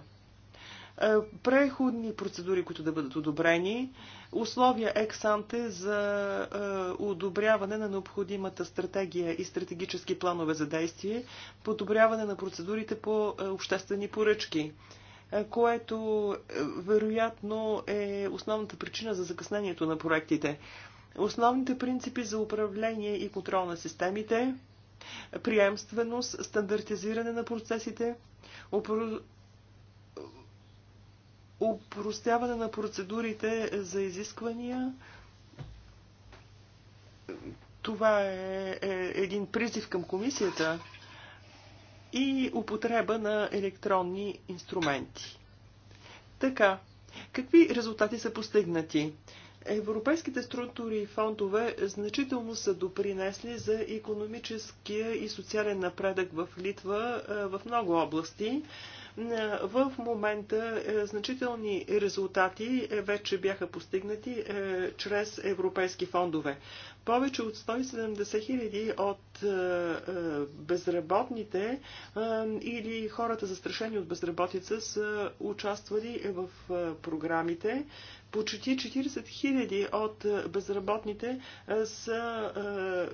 Е, преходни процедури, които да бъдат одобрени, условия ексанте за е, одобряване на необходимата стратегия и стратегически планове за действие, подобряване на процедурите по е, обществени поръчки което вероятно е основната причина за закъснението на проектите. Основните принципи за управление и контрол на системите, приемственост, стандартизиране на процесите, упростяване на процедурите за изисквания. Това е, е един призив към комисията и употреба на електронни инструменти. Така, какви резултати са постигнати? Европейските структури и фондове значително са допринесли за економическия и социален напредък в Литва е, в много области. В момента е, значителни резултати е, вече бяха постигнати е, чрез европейски фондове. Повече от 170 хиляди от е, е, безработните е, или хората застрашени от безработица са участвали в програмите. Почти 40 хиляди от безработните са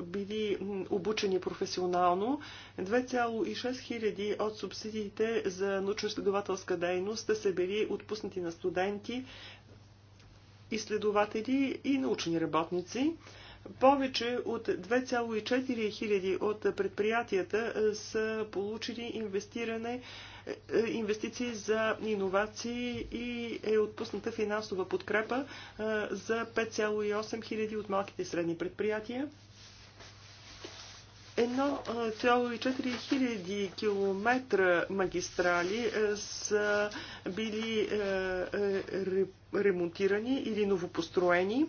били обучени професионално. 2,6 хиляди от субсидиите за научно-следователска дейност са били отпуснати на студенти, изследователи и научни работници. Повече от 2,4 хиляди от предприятията е, са получили инвестиране, е, е, инвестиции за иновации и е отпусната финансова подкрепа за 5,8 хиляди от малките и средни предприятия. 1,4 хиляди километра магистрали са били ремонтирани или новопостроени.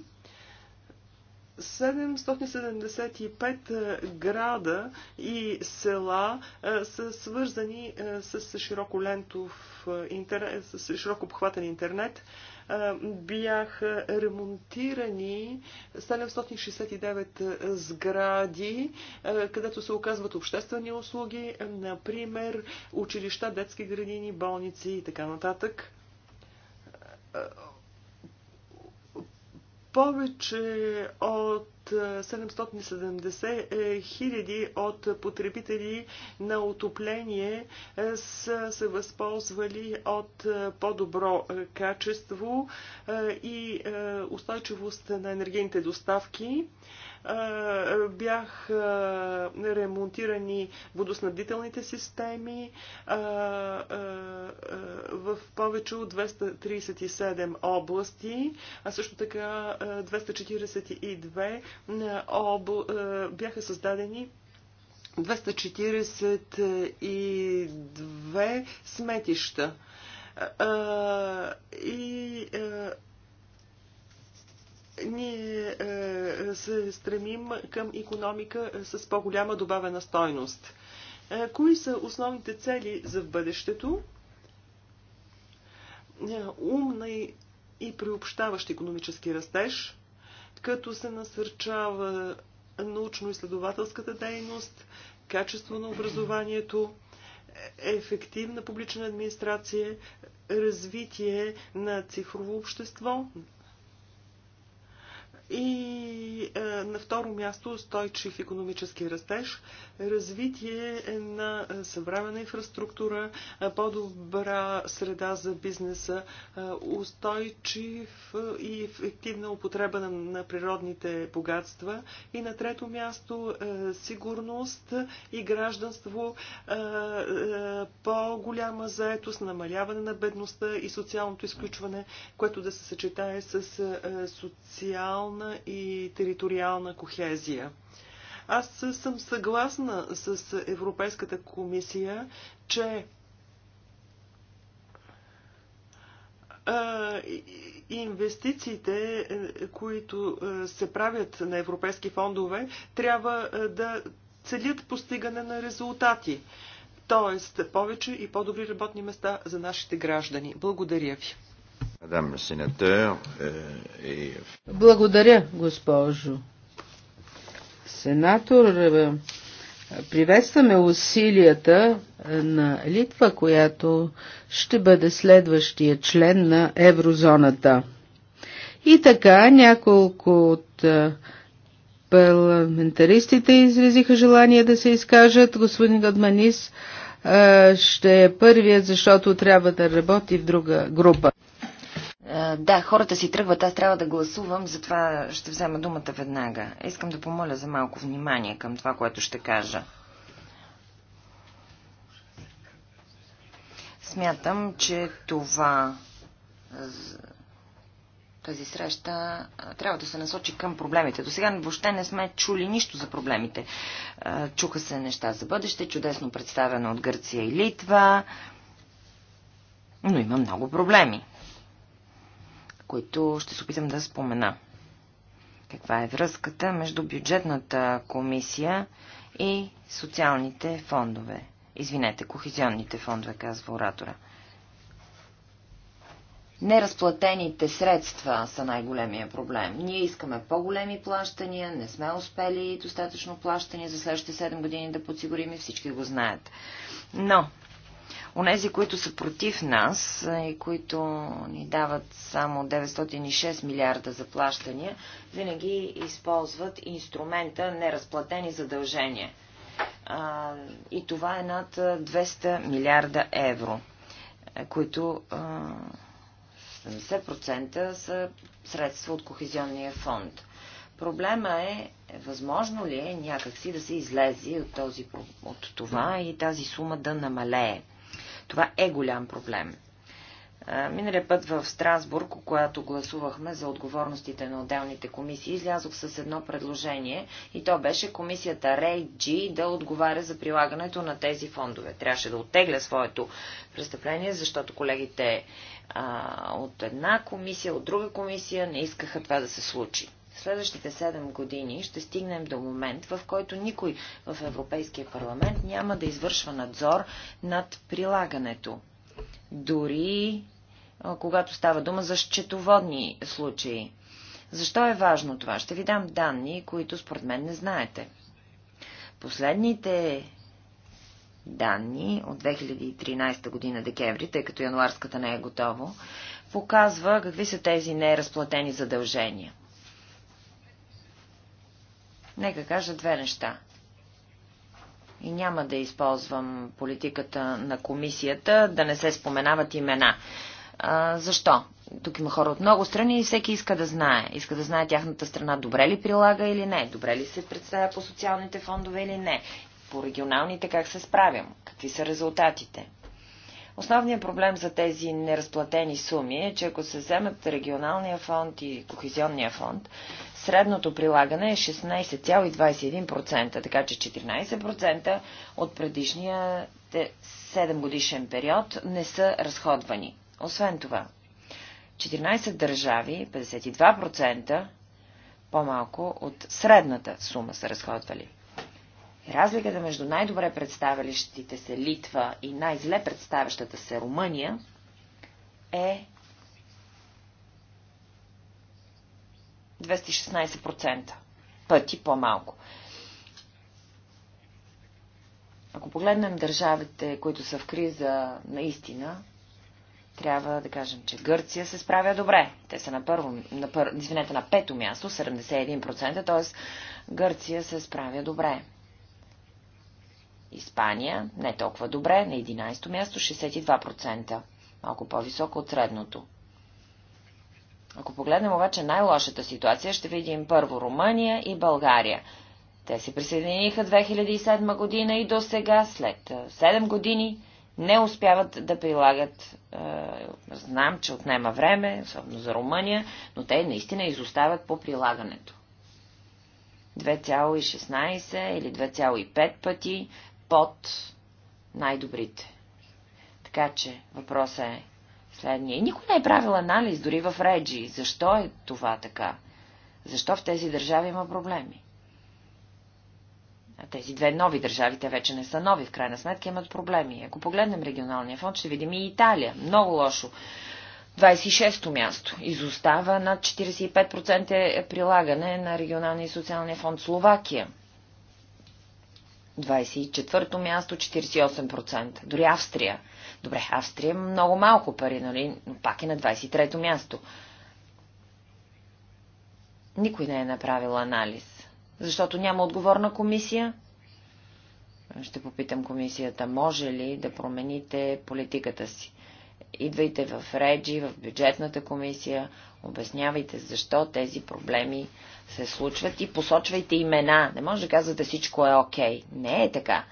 775 е, града и села е, са свързани е, с широко лентов интернет, с широко обхватен интернет. Бяха ремонтирани 769 сгради, където се оказват обществени услуги, например училища, детски градини, болници и така нататък повече от 770 е, е, хиляди от потребители на отопление е, са се възползвали от по-добро качество и устойчивост на енергийните доставки бях ремонтирани водоснабдителните системи в повече от 237 области, а също така 242 бяха създадени 242 сметища. И ние е, се стремим към економика е, с по-голяма добавена стойност. Е, кои са основните цели за в бъдещето? Умна и приобщаващ економически растеж, като се насърчава научно-изследователската дейност, качество на образованието, ефективна публична администрация, развитие на цифрово общество, и е, на второ място устойчив економически растеж, развитие на е, съвременна инфраструктура, е, по-добра среда за бизнеса, устойчив и ефективна употреба на, природните богатства. И на трето място сигурност и гражданство, по-голяма заетост, намаляване на бедността и социалното изключване, което да се съчетае с социално социална и териториална кохезия. Аз съм съгласна с Европейската комисия, че инвестициите, е, които е, се правят на европейски фондове, трябва е, да целят постигане на резултати. Тоест, повече и по-добри работни места за нашите граждани. Благодаря ви. Euh, Благодаря, госпожо сенатор. Приветстваме усилията е, на Литва, която ще бъде следващия член на еврозоната. И така няколко от е, парламентаристите изразиха желание да се изкажат. Господин Гадманис е, ще е първият, защото трябва да работи в друга група. Е, да, хората си тръгват, аз трябва да гласувам, затова ще взема думата веднага. Искам да помоля за малко внимание към това, което ще кажа. Смятам, че това тази среща е, трябва да се насочи към проблемите. До сега въобще не сме чули нищо за проблемите. Е, чуха се неща за бъдеще, чудесно представено от Гърция и Литва, но има много проблеми които ще се опитам да спомена. Каква е връзката между бюджетната комисия и социалните фондове? Извинете, кохезионните фондове, казва оратора. Неразплатените средства са най-големия проблем. Ние искаме по-големи плащания, не сме успели достатъчно плащания за следващите 7 години да подсигурим и всички го знаят. Но Онези, които са против нас и които ни дават само 906 милиарда заплащания, винаги използват инструмента неразплатени задължения. И това е над 200 милиарда евро, които 70% са средства от Кохезионния фонд. Проблема е, възможно ли е някакси да се излезе от, този, от това и тази сума да намалее. Това е голям проблем. Миналия път в Страсбург, когато гласувахме за отговорностите на отделните комисии, излязох с едно предложение и то беше комисията Рейджи да отговаря за прилагането на тези фондове. Трябваше да оттегля своето престъпление, защото колегите а, от една комисия, от друга комисия не искаха това да се случи следващите 7 години ще стигнем до момент, в който никой в Европейския парламент няма да извършва надзор над прилагането. Дори когато става дума за счетоводни случаи. Защо е важно това? Ще ви дам данни, които според мен не знаете. Последните данни от 2013 година декември, тъй като януарската не е готово, показва какви са тези неразплатени задължения. Нека кажа две неща. И няма да използвам политиката на комисията да не се споменават имена. А, защо? Тук има хора от много страни и всеки иска да знае. Иска да знае тяхната страна добре ли прилага или не, добре ли се представя по социалните фондове или не, по регионалните как се справям, какви са резултатите. Основният проблем за тези неразплатени суми е, че ако се вземат регионалния фонд и кохезионния фонд, средното прилагане е 16,21%, така че 14% от предишния 7 годишен период не са разходвани. Освен това, 14 държави, 52% по-малко от средната сума са разходвали. Разликата между най-добре представящите се Литва и най-зле представящата се Румъния е 216%. Пъти по-малко. Ако погледнем държавите, които са в криза наистина, трябва да кажем, че Гърция се справя добре. Те са на, първо, на, пър, извинете, на пето място, 71%, т.е. Гърция се справя добре. Испания не толкова добре, на 11-то място 62%, малко по-високо от средното. Ако погледнем обаче най-лошата ситуация, ще видим първо Румъния и България. Те се присъединиха 2007 година и до сега, след 7 години, не успяват да прилагат. Знам, че отнема време, особено за Румъния, но те наистина изостават по прилагането. 2,16 или 2,5 пъти под най-добрите. Така че въпросът е следния. никой не е правил анализ, дори в Реджи. Защо е това така? Защо в тези държави има проблеми? А тези две нови държави, те вече не са нови, в крайна сметка имат проблеми. Ако погледнем регионалния фонд, ще видим и Италия. Много лошо. 26-то място. Изостава над 45% е прилагане на регионалния и социалния фонд Словакия – 24-то място 48%. Дори Австрия. Добре, Австрия е много малко пари, нали? но пак е на 23-то място. Никой не е направил анализ, защото няма отговорна комисия. Ще попитам комисията, може ли да промените политиката си? идвайте в Реджи, в бюджетната комисия, обяснявайте защо тези проблеми се случват и посочвайте имена. Не може да казвате всичко е окей. Okay. Не е така.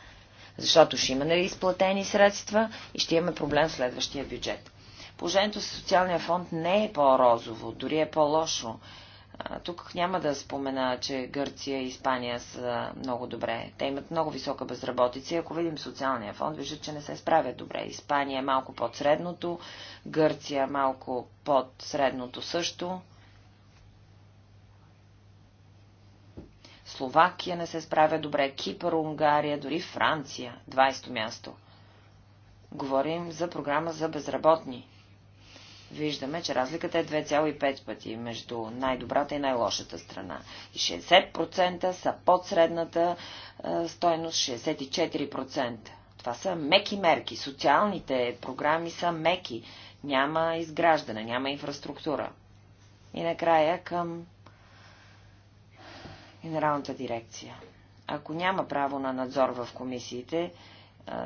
Защото ще има неизплатени нали, средства и ще имаме проблем в следващия бюджет. Положението с социалния фонд не е по-розово, дори е по-лошо. Тук няма да спомена, че Гърция и Испания са много добре. Те имат много висока безработица ако видим социалния фонд, виждат, че не се справят добре. Испания е малко под средното, Гърция малко под средното също. Словакия не се справя добре, Кипър, Унгария, дори Франция, 20-то място. Говорим за програма за безработни виждаме, че разликата е 2,5 пъти между най-добрата и най-лошата страна. И 60% са под средната е, стойност, 64%. Това са меки мерки. Социалните програми са меки. Няма изграждане, няма инфраструктура. И накрая към генералната дирекция. Ако няма право на надзор в комисиите, е,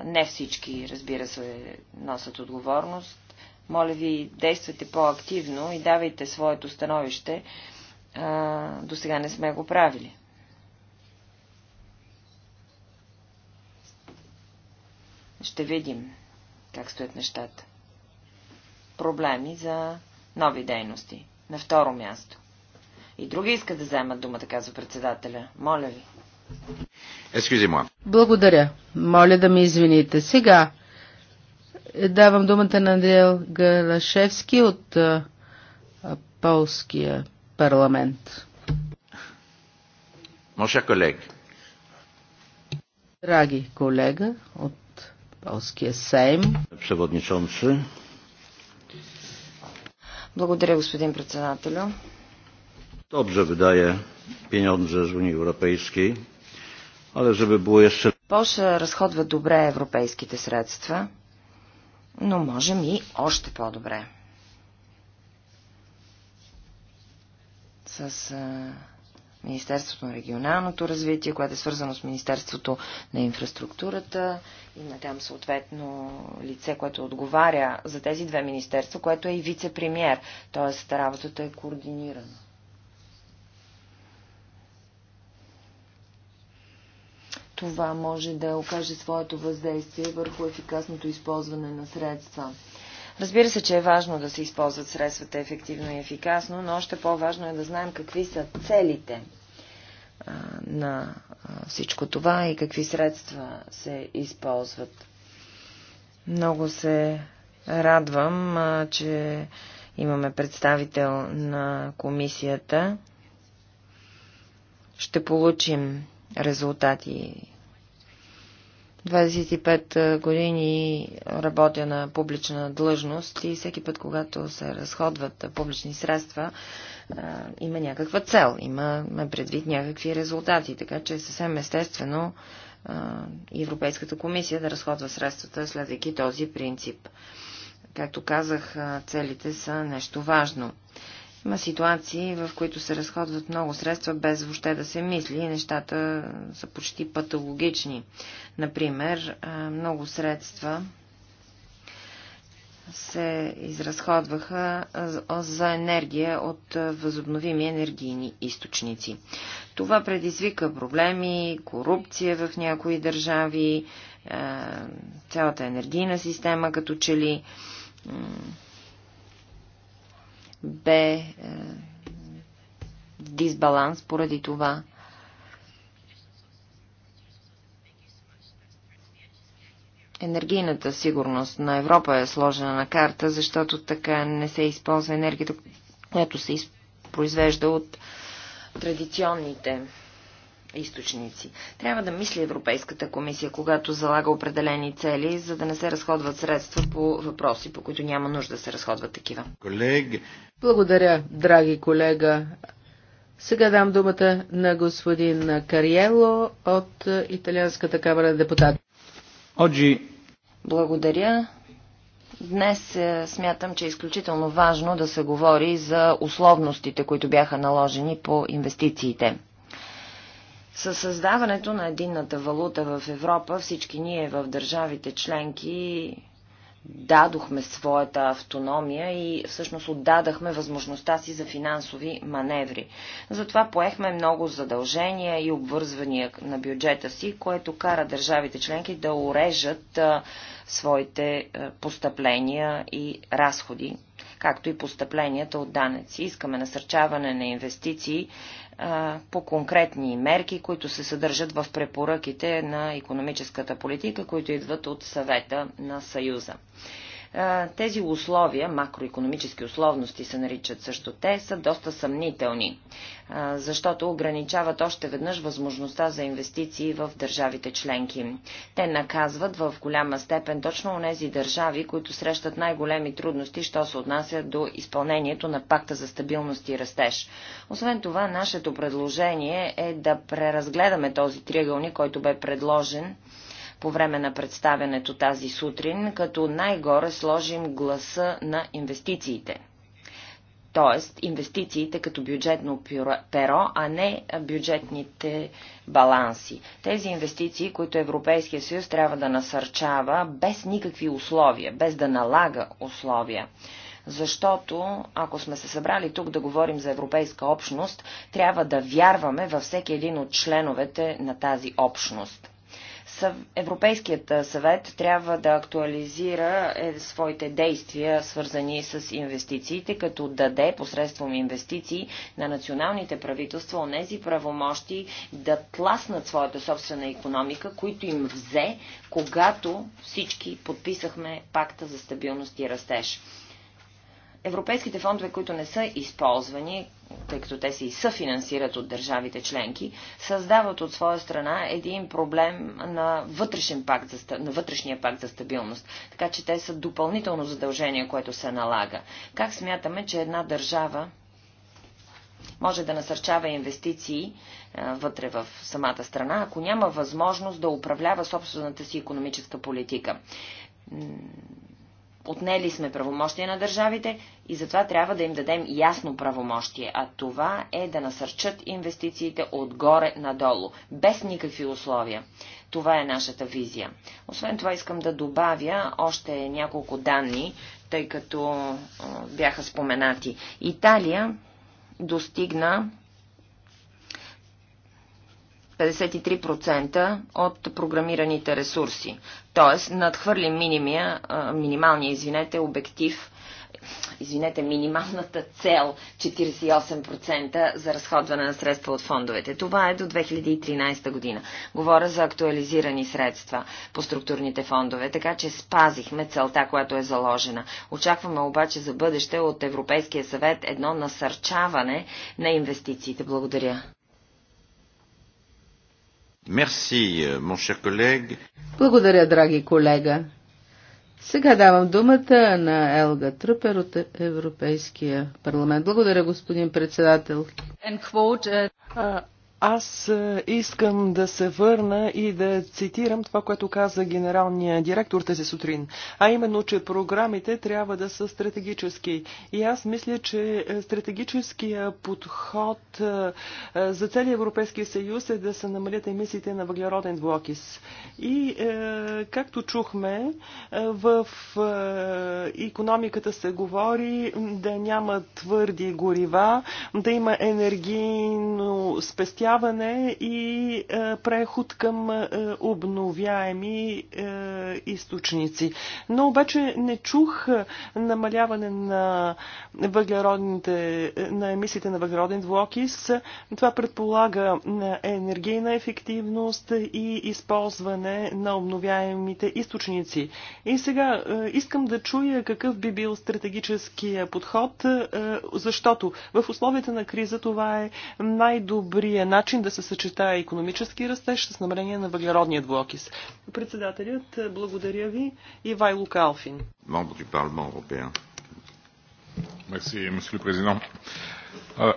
не всички, разбира се, носят отговорност, моля ви, действайте по-активно и давайте своето становище. До сега не сме го правили. Ще видим как стоят нещата. Проблеми за нови дейности. На второ място. И други искат да вземат думата, казва председателя. Моля ви. Благодаря. Моля да ми извините. Сега Давам думата на Андрея Галашевски от а, Полския парламент. Моша колег. Драги колега от Полския Сейм. Преводничонци. Благодаря, господин председателю. Dobrze wydaje pieniądze за Unii европейски, ale żeby było се... Полша разходва добре европейските средства, но можем и още по-добре. С а, Министерството на регионалното развитие, което е свързано с Министерството на инфраструктурата. на там съответно лице, което отговаря за тези две министерства, което е и вице-премьер. Тоест работата е координирана. това може да окаже своето въздействие върху ефикасното използване на средства. Разбира се, че е важно да се използват средствата ефективно и ефикасно, но още по-важно е да знаем какви са целите на всичко това и какви средства се използват. Много се радвам, че имаме представител на комисията. Ще получим резултати 25 години работя на публична длъжност и всеки път, когато се разходват публични средства, има някаква цел, има предвид някакви резултати, така че е съвсем естествено Европейската комисия да разходва средствата, следвайки този принцип. Както казах, целите са нещо важно. Има ситуации, в които се разходват много средства, без въобще да се мисли и нещата са почти патологични. Например, много средства се изразходваха за енергия от възобновими енергийни източници. Това предизвика проблеми, корупция в някои държави, цялата енергийна система като че ли бе е, дисбаланс поради това. Енергийната сигурност на Европа е сложена на карта, защото така не се използва енергията, която се произвежда от традиционните източници. Трябва да мисли Европейската комисия, когато залага определени цели, за да не се разходват средства по въпроси, по които няма нужда да се разходват такива. Колег... Благодаря, драги колега. Сега дам думата на господин Кариело от Италианската камера на депутати. Оджи. Благодаря. Днес е, смятам, че е изключително важно да се говори за условностите, които бяха наложени по инвестициите. Със създаването на единната валута в Европа всички ние в държавите членки дадохме своята автономия и всъщност отдадахме възможността си за финансови маневри. Затова поехме много задължения и обвързвания на бюджета си, което кара държавите членки да урежат а, своите а, постъпления и разходи, както и постъпленията от данъци. Искаме насърчаване на инвестиции по конкретни мерки, които се съдържат в препоръките на економическата политика, които идват от съвета на Съюза. Тези условия, макроекономически условности се наричат също те, са доста съмнителни, защото ограничават още веднъж възможността за инвестиции в държавите членки. Те наказват в голяма степен точно у нези държави, които срещат най-големи трудности, що се отнася до изпълнението на пакта за стабилност и растеж. Освен това, нашето предложение е да преразгледаме този триъгълник, който бе предложен по време на представянето тази сутрин, като най-горе сложим гласа на инвестициите. Тоест, инвестициите като бюджетно перо, а не бюджетните баланси. Тези инвестиции, които Европейския съюз трябва да насърчава без никакви условия, без да налага условия защото ако сме се събрали тук да говорим за европейска общност, трябва да вярваме във всеки един от членовете на тази общност. Европейският съвет трябва да актуализира е, своите действия, свързани с инвестициите, като даде посредством инвестиции на националните правителства онези правомощи да тласнат своята собствена економика, които им взе, когато всички подписахме пакта за стабилност и растеж. Европейските фондове, които не са използвани, тъй като те се и съфинансират от държавите членки, създават от своя страна един проблем на, вътрешен пакт за, на вътрешния пакт за стабилност. Така че те са допълнително задължение, което се налага. Как смятаме, че една държава може да насърчава инвестиции а, вътре в самата страна, ако няма възможност да управлява собствената си економическа политика? Отнели сме правомощия на държавите и затова трябва да им дадем ясно правомощие, а това е да насърчат инвестициите отгоре надолу, без никакви условия. Това е нашата визия. Освен това искам да добавя още няколко данни, тъй като бяха споменати. Италия достигна 53% от програмираните ресурси. Тоест, надхвърли минимия, минималния, извинете, обектив, извинете, минималната цел 48% за разходване на средства от фондовете. Това е до 2013 година. Говоря за актуализирани средства по структурните фондове, така че спазихме целта, която е заложена. Очакваме обаче за бъдеще от Европейския съвет едно насърчаване на инвестициите. Благодаря. Merci, euh, mon cher collègue. Благодаря, драги колега. Сега давам думата на Елга Трупер от Европейския парламент. Благодаря, господин председател. And quote, uh... Аз е, искам да се върна и да цитирам това, което каза генералния директор тази сутрин, а именно, че програмите трябва да са стратегически. И аз мисля, че е, стратегическия подход е, за целия Европейския съюз е да се намалят емисиите на въглероден двуокис. И както чухме, в економиката се говори да няма твърди горива, да има енергийно спестяване упростяване и е, преход към е, обновяеми е, източници. Но обаче не чух намаляване на въглеродните, на емисиите на въглероден двуокис. Това предполага енергийна ефективност и използване на обновяемите източници. И сега искам да чуя какъв би бил стратегическия подход, защото в условията на криза това е най добрия начин начин да се съчетае економически растеж с намаление на въглеродния двуокис. Председателят, благодаря ви. и Вайло Калфин. du Parlement européen. Merci, Uh,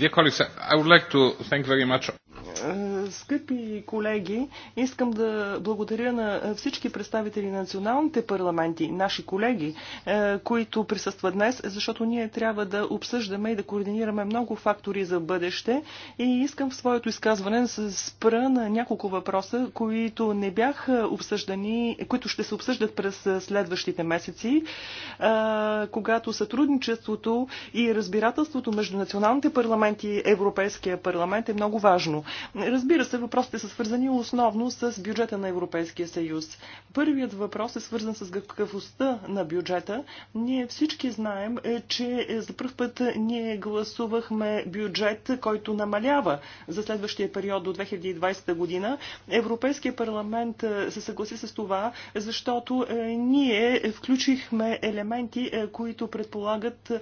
dear colleagues, I would like to thank very much е, скъпи колеги, искам да благодаря на всички представители на националните парламенти, наши колеги, е, които присъстват днес, защото ние трябва да обсъждаме и да координираме много фактори за бъдеще. И искам в своето изказване да се спра на няколко въпроса, които не бяха обсъждани, които ще се обсъждат през следващите месеци, е, когато сътрудничеството и разбирателството между националните парламенти и Европейския парламент е много важно. Разбира се, въпросите са свързани основно с бюджета на Европейския съюз. Първият въпрос е свързан с гъвкавостта на бюджета. Ние всички знаем, е, че за първ път ние гласувахме бюджет, който намалява за следващия период до 2020 година. Европейския парламент е, се съгласи с това, защото е, ние включихме елементи, които предполагат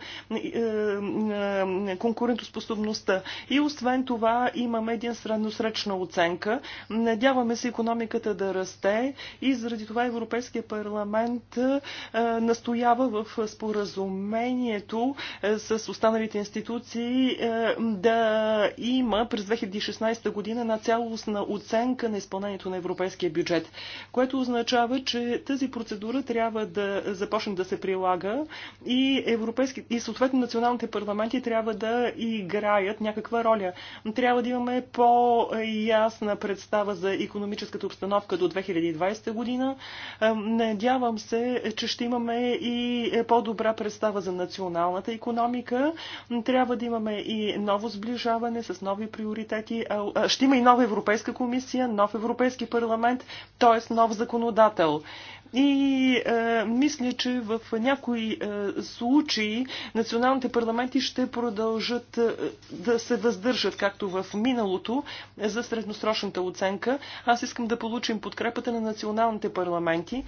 конкурентоспособността. И освен това имаме един средносречна оценка. Надяваме се економиката да расте и заради това Европейския парламент е, настоява в споразумението е, с останалите институции е, да има през 2016 година на цялостна оценка на изпълнението на европейския бюджет, което означава, че тази процедура трябва да започне да се прилага и, европейски, и съответно националните парламенти трябва да играят някаква роля. Трябва да имаме по по-ясна представа за економическата обстановка до 2020 година. Надявам се, че ще имаме и по-добра представа за националната економика. Трябва да имаме и ново сближаване с нови приоритети. Ще има и нова Европейска комисия, нов Европейски парламент, т.е. нов законодател. И е, мисля, че в някои е, случаи националните парламенти ще продължат е, да се въздържат, както в миналото, е, за средносрочната оценка. Аз искам да получим подкрепата на националните парламенти.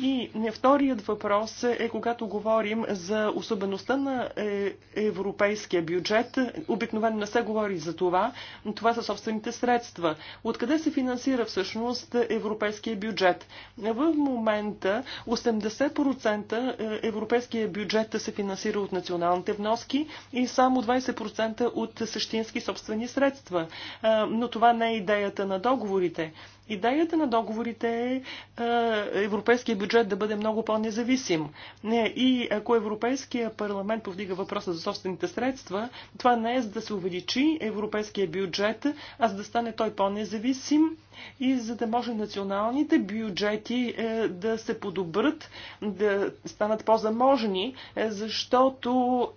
И вторият въпрос е, когато говорим за особеността на е, европейския бюджет, обикновено не се говори за това, но това са собствените средства. Откъде се финансира всъщност европейския бюджет? В момента 80% е, европейския бюджет се финансира от националните вноски и само 20% от същински собствени средства. Е, но това не е идеята на договорите. Идеята на договорите е, е европейския бюджет да бъде много по-независим. И ако Европейския парламент повдига въпроса за собствените средства, това не е за да се увеличи европейския бюджет, а за да стане той по-независим и за да може националните бюджети е, да се подобрат, да станат по-заможни, е, защото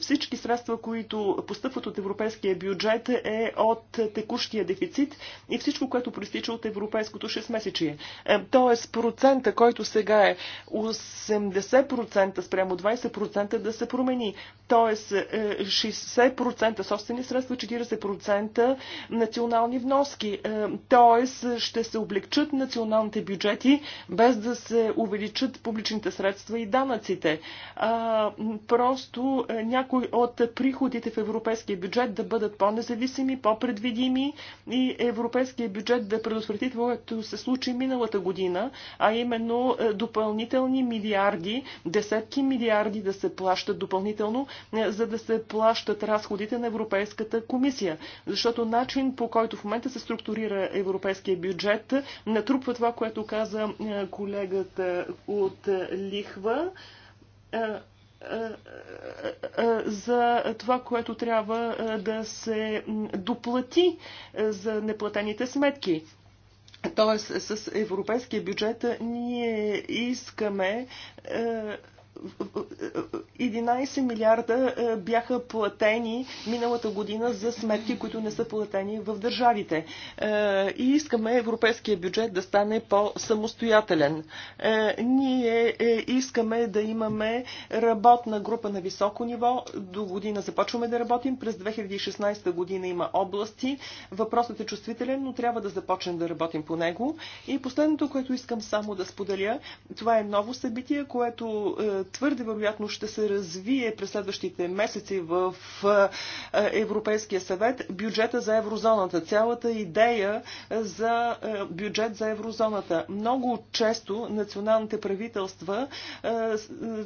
всички средства, които постъпват от европейския бюджет е от текущия дефицит и всичко, което проистича от европейското 6 месечие. Е, тоест процента, който сега е 80% спрямо 20% да се промени. Тоест 60% е, собствени средства, 40% национални вноски. Е, тоест ще се облегчат националните бюджети без да се увеличат публичните средства и данъците просто е, някои от приходите в европейския бюджет да бъдат по-независими, по-предвидими и европейския бюджет да предотврати това, което се случи миналата година, а именно е, допълнителни милиарди, десетки милиарди да се плащат допълнително, е, за да се плащат разходите на Европейската комисия. Защото начин по който в момента се структурира европейския бюджет натрупва това, което каза колегата от Лихва за това, което трябва да се доплати за неплатените сметки. Тоест, с европейския бюджет ние искаме 11 милиарда е, бяха платени миналата година за сметки, които не са платени в държавите. Е, и искаме европейския бюджет да стане по-самостоятелен. Е, ние искаме да имаме работна група на високо ниво. До година започваме да работим. През 2016 година има области. Въпросът е чувствителен, но трябва да започнем да работим по него. И последното, което искам само да споделя, това е ново събитие, което твърде вероятно ще се развие през следващите месеци в Европейския съвет бюджета за еврозоната. Цялата идея за бюджет за еврозоната. Много често националните правителства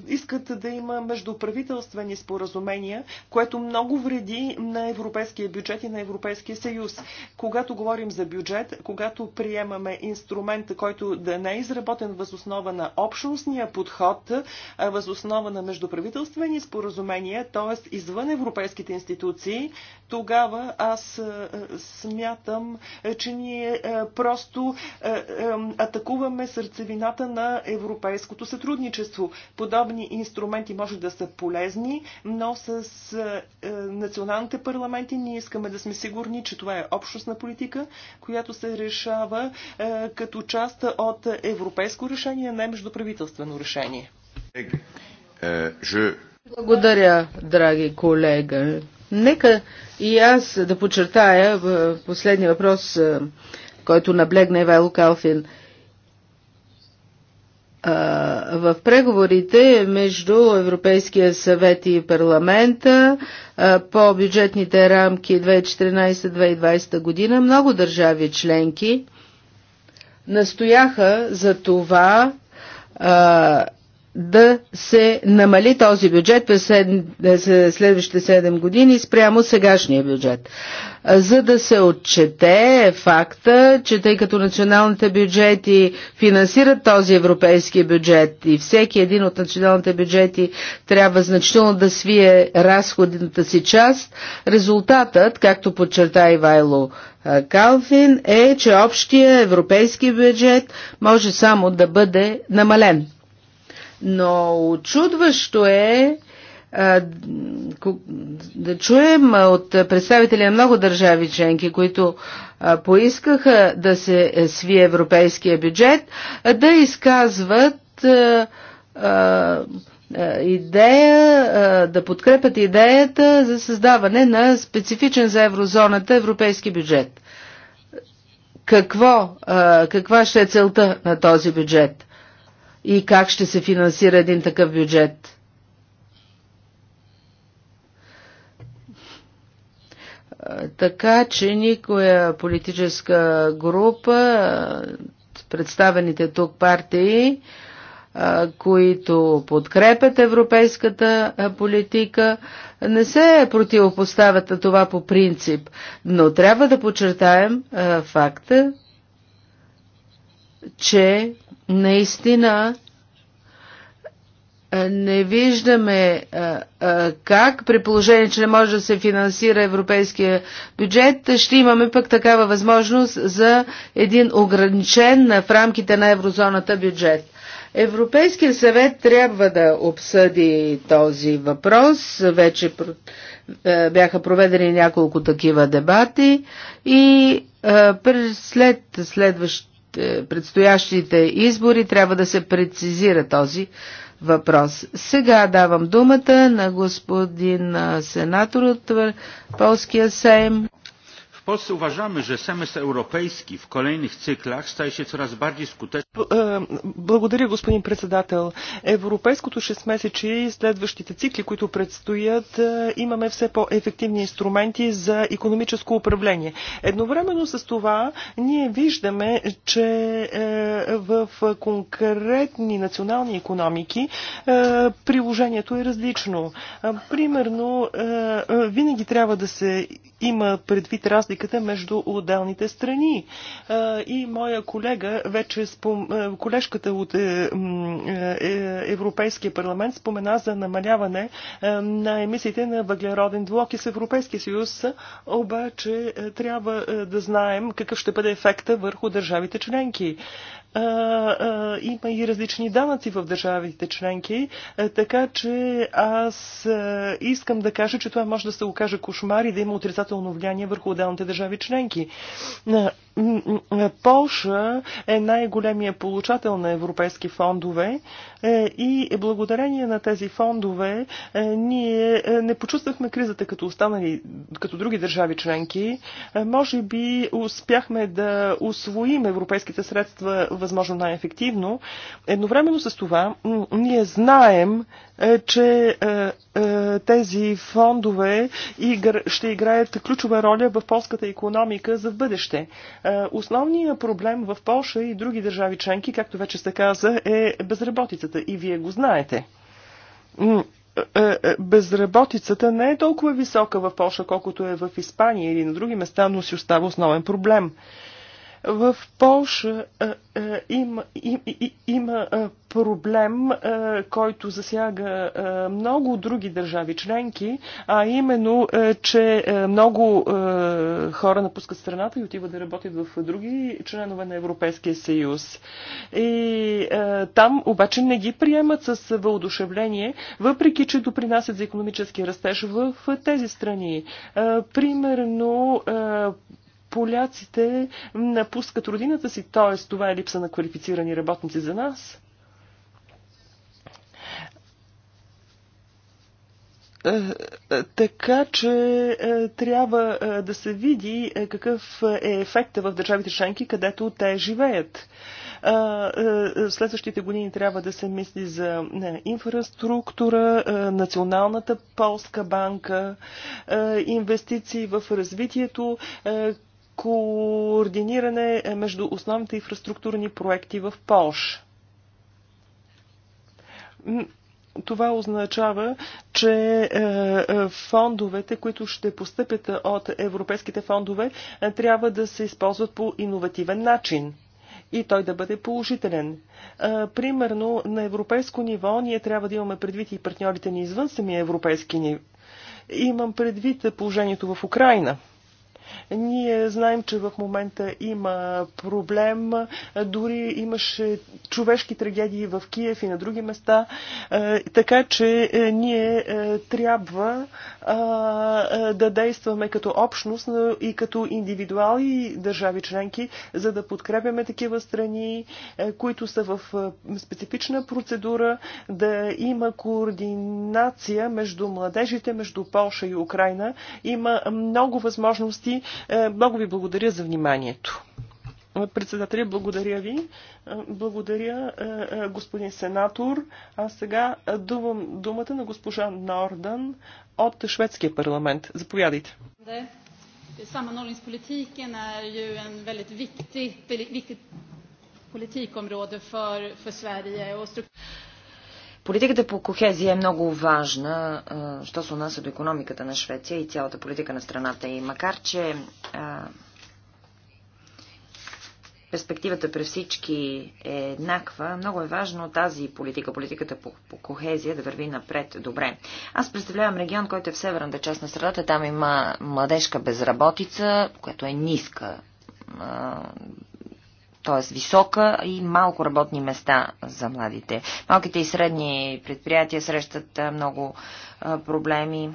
искат да има междуправителствени споразумения, което много вреди на европейския бюджет и на Европейския съюз. Когато говорим за бюджет, когато приемаме инструмента, който да не е изработен възоснова на общностния подход, възоснова на междуправителствени споразумения, т.е. извън европейските институции, тогава аз е, смятам, е, че ние е, просто атакуваме сърцевината на европейското сътрудничество. Подобни инструменти може да са полезни, но с националните парламенти ние искаме да сме сигурни, че това е общностна политика, която се решава като част от европейско решение, не междуправителствено решение. Благодаря, драги колега. Нека и аз да подчертая последния въпрос, който наблегна Ивайло Калфин. В преговорите между Европейския съвет и парламента по бюджетните рамки 2014-2020 година много държави членки настояха за това да се намали този бюджет през следващите 7 години спрямо сегашния бюджет. За да се отчете факта, че тъй като националните бюджети финансират този европейски бюджет и всеки един от националните бюджети трябва значително да свие разходната си част, резултатът, както подчерта и Вайло Калфин, е, че общия европейски бюджет може само да бъде намален. Но очудващо е да чуем от представители на много държави членки, които поискаха да се свие европейския бюджет, да изказват идея, да подкрепят идеята за създаване на специфичен за еврозоната европейски бюджет. Какво, каква ще е целта на този бюджет? и как ще се финансира един такъв бюджет. Така че никоя политическа група, представените тук партии, които подкрепят европейската политика, не се противопоставят на това по принцип, но трябва да подчертаем факта, че Наистина не виждаме как, при положение, че не може да се финансира европейския бюджет, ще имаме пък такава възможност за един ограничен в рамките на еврозоната бюджет. Европейския съвет трябва да обсъди този въпрос. Вече бяха проведени няколко такива дебати и след следващ е, предстоящите избори трябва да се прецизира този въпрос. Сега давам думата на господин сенатор от Полския Сейм. Polsce uważamy, że semestr europejski w kolejnych cyklach staje się coraz bardziej skuteczny. E, Благодаря, господин председател. Европейското 6 месече и следващите цикли, които предстоят, е, имаме все по-ефективни инструменти за економическо управление. Едновременно с това ние виждаме, че е, в конкретни национални економики е, приложението е различно. Примерно, винаги трябва да се има предвид разликата между отделните страни. И моя колега, вече спом... колежката от е, е, е, Европейския парламент спомена за намаляване на емисиите на въглероден блок и с Европейския съюз, обаче трябва да знаем какъв ще бъде ефекта върху държавите членки има и различни данъци в държавите членки, така че аз искам да кажа, че това може да се окаже кошмар и да има отрицателно влияние върху отделните държави членки. Полша е най-големия получател на европейски фондове. Е, и благодарение на тези фондове е, ние е, не почувствахме кризата като останали, като други държави членки. Може би успяхме да освоим европейските средства възможно най-ефективно. Едновременно с това ние знаем, е, че е, е, тези фондове ще играят ключова роля в полската економика за в бъдеще. Основният проблем в Польша и други държави членки, както вече се каза, е безработицата. И вие го знаете безработицата не е толкова висока в Польша, колкото е в Испания или на други места, но си остава основен проблем. В Польша има, има проблем, който засяга много други държави членки, а именно, че много хора напускат страната и отиват да работят в други членове на Европейския съюз. И там обаче не ги приемат с въодушевление, въпреки че допринасят за економически растеж в тези страни. Примерно, поляците напускат родината си, т.е. това е липса на квалифицирани работници за нас. Е, е, така че е, трябва да се види какъв е ефекта в държавите членки, където те живеят. В следващите години трябва да се мисли за инфраструктура, Националната полска банка, инвестиции в развитието, координиране между основните инфраструктурни проекти в Полш. Това означава, че е, е, фондовете, които ще постъпят от европейските фондове, е, трябва да се използват по иновативен начин и той да бъде положителен. Примерно на европейско ниво ние трябва да имаме предвид и партньорите ни извън самия европейски ниво. Имам предвид положението в Украина – ние знаем, че в момента има проблем. Дори имаше човешки трагедии в Киев и на други места. Е, така че е, ние е, трябва да действаме като общност и като индивидуали държави членки, за да подкрепяме такива страни, които са в специфична процедура, да има координация между младежите, между Полша и Украина. Има много възможности е, много ви благодаря за вниманието. Е, председателя, благодаря ви. Е, благодаря, господин сенатор. А сега давам думата на госпожа Нордан от шведския парламент. Заповядайте. Sammanhållningspolitiken är ju en väldigt viktig, politikområde för, för Sverige. Och Политиката по кохезия е много важна, що се отнася до економиката на Швеция и цялата политика на страната. И макар, че перспективата при всички е еднаква, много е важно тази политика, политиката по, по кохезия да върви напред добре. Аз представлявам регион, който е в северната част на страната. Там има младежка безработица, която е ниска т.е. висока и малко работни места за младите. Малките и средни предприятия срещат много проблеми.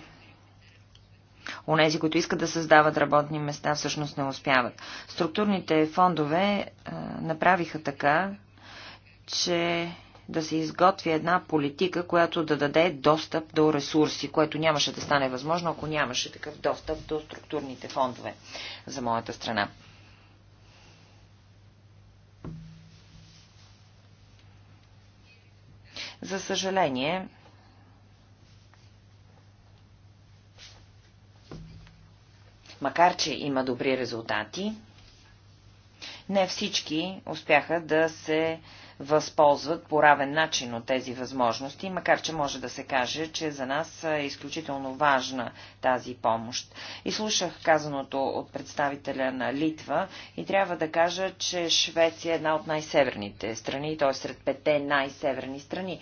Онези, които искат да създават работни места, всъщност не успяват. Структурните фондове направиха така, че да се изготви една политика, която да даде достъп до ресурси, което нямаше да стане възможно, ако нямаше такъв достъп до структурните фондове за моята страна. За съжаление, макар че има добри резултати, не всички успяха да се възползват по равен начин от тези възможности, макар че може да се каже, че за нас е изключително важна тази помощ. И слушах казаното от представителя на Литва и трябва да кажа, че Швеция е една от най-северните страни, т.е. сред пете най-северни страни.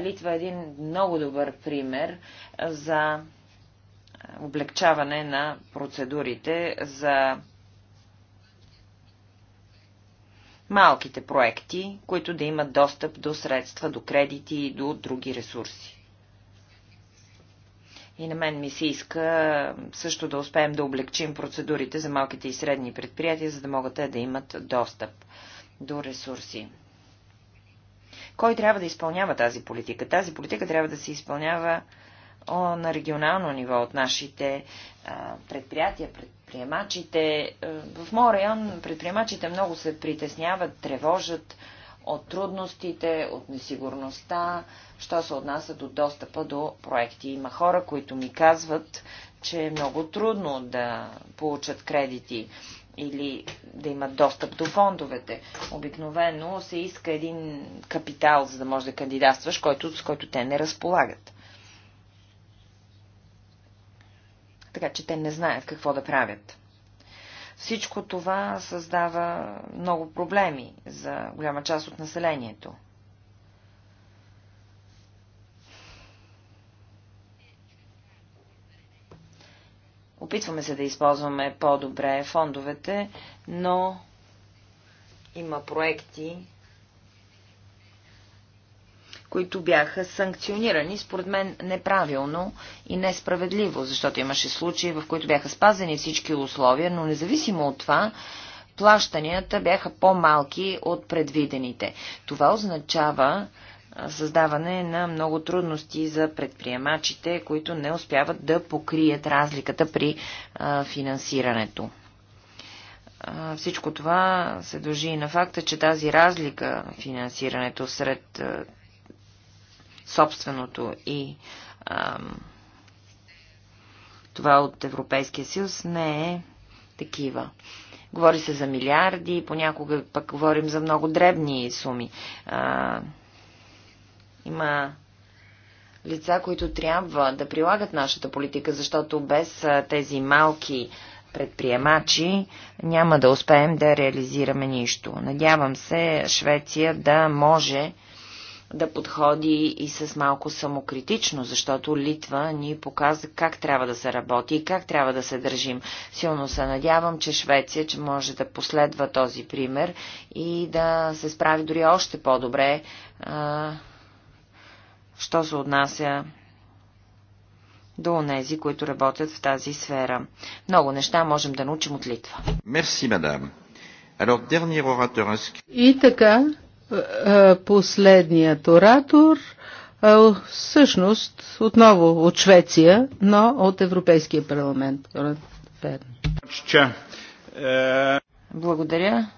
Литва е един много добър пример за облегчаване на процедурите за малките проекти, които да имат достъп до средства, до кредити и до други ресурси. И на мен ми се иска също да успеем да облегчим процедурите за малките и средни предприятия, за да могат те да имат достъп до ресурси. Кой трябва да изпълнява тази политика? Тази политика трябва да се изпълнява на регионално ниво от нашите предприятия, предприемачите. Е, в моя район предприемачите много се притесняват, тревожат от трудностите, от несигурността, що се отнася до достъпа до проекти. Има хора, които ми казват, че е много трудно да получат кредити или да имат достъп до фондовете. Обикновено се иска един капитал, за да може да кандидатстваш, който, с който те не разполагат. така че те не знаят какво да правят. Всичко това създава много проблеми за голяма част от населението. Опитваме се да използваме по-добре фондовете, но има проекти, които бяха санкционирани, според мен, неправилно и несправедливо, защото имаше случаи, в които бяха спазени всички условия, но независимо от това, плащанията бяха по-малки от предвидените. Това означава създаване на много трудности за предприемачите, които не успяват да покрият разликата при финансирането. Всичко това се дължи и на факта, че тази разлика финансирането сред собственото и ам, това от Европейския съюз не е такива. Говори се за милиарди, понякога пък говорим за много дребни суми. А, има лица, които трябва да прилагат нашата политика, защото без тези малки предприемачи няма да успеем да реализираме нищо. Надявам се Швеция да може да подходи и с малко самокритично, защото Литва ни показа как трябва да се работи и как трябва да се държим. Силно се надявам, че Швеция че може да последва този пример и да се справи дори още по-добре, що се отнася до онези, които работят в тази сфера. Много неща можем да научим от Литва. Мерси, мадам. И така, е, е, последният оратор е, всъщност отново от Швеция, но от Европейския парламент. Благодаря.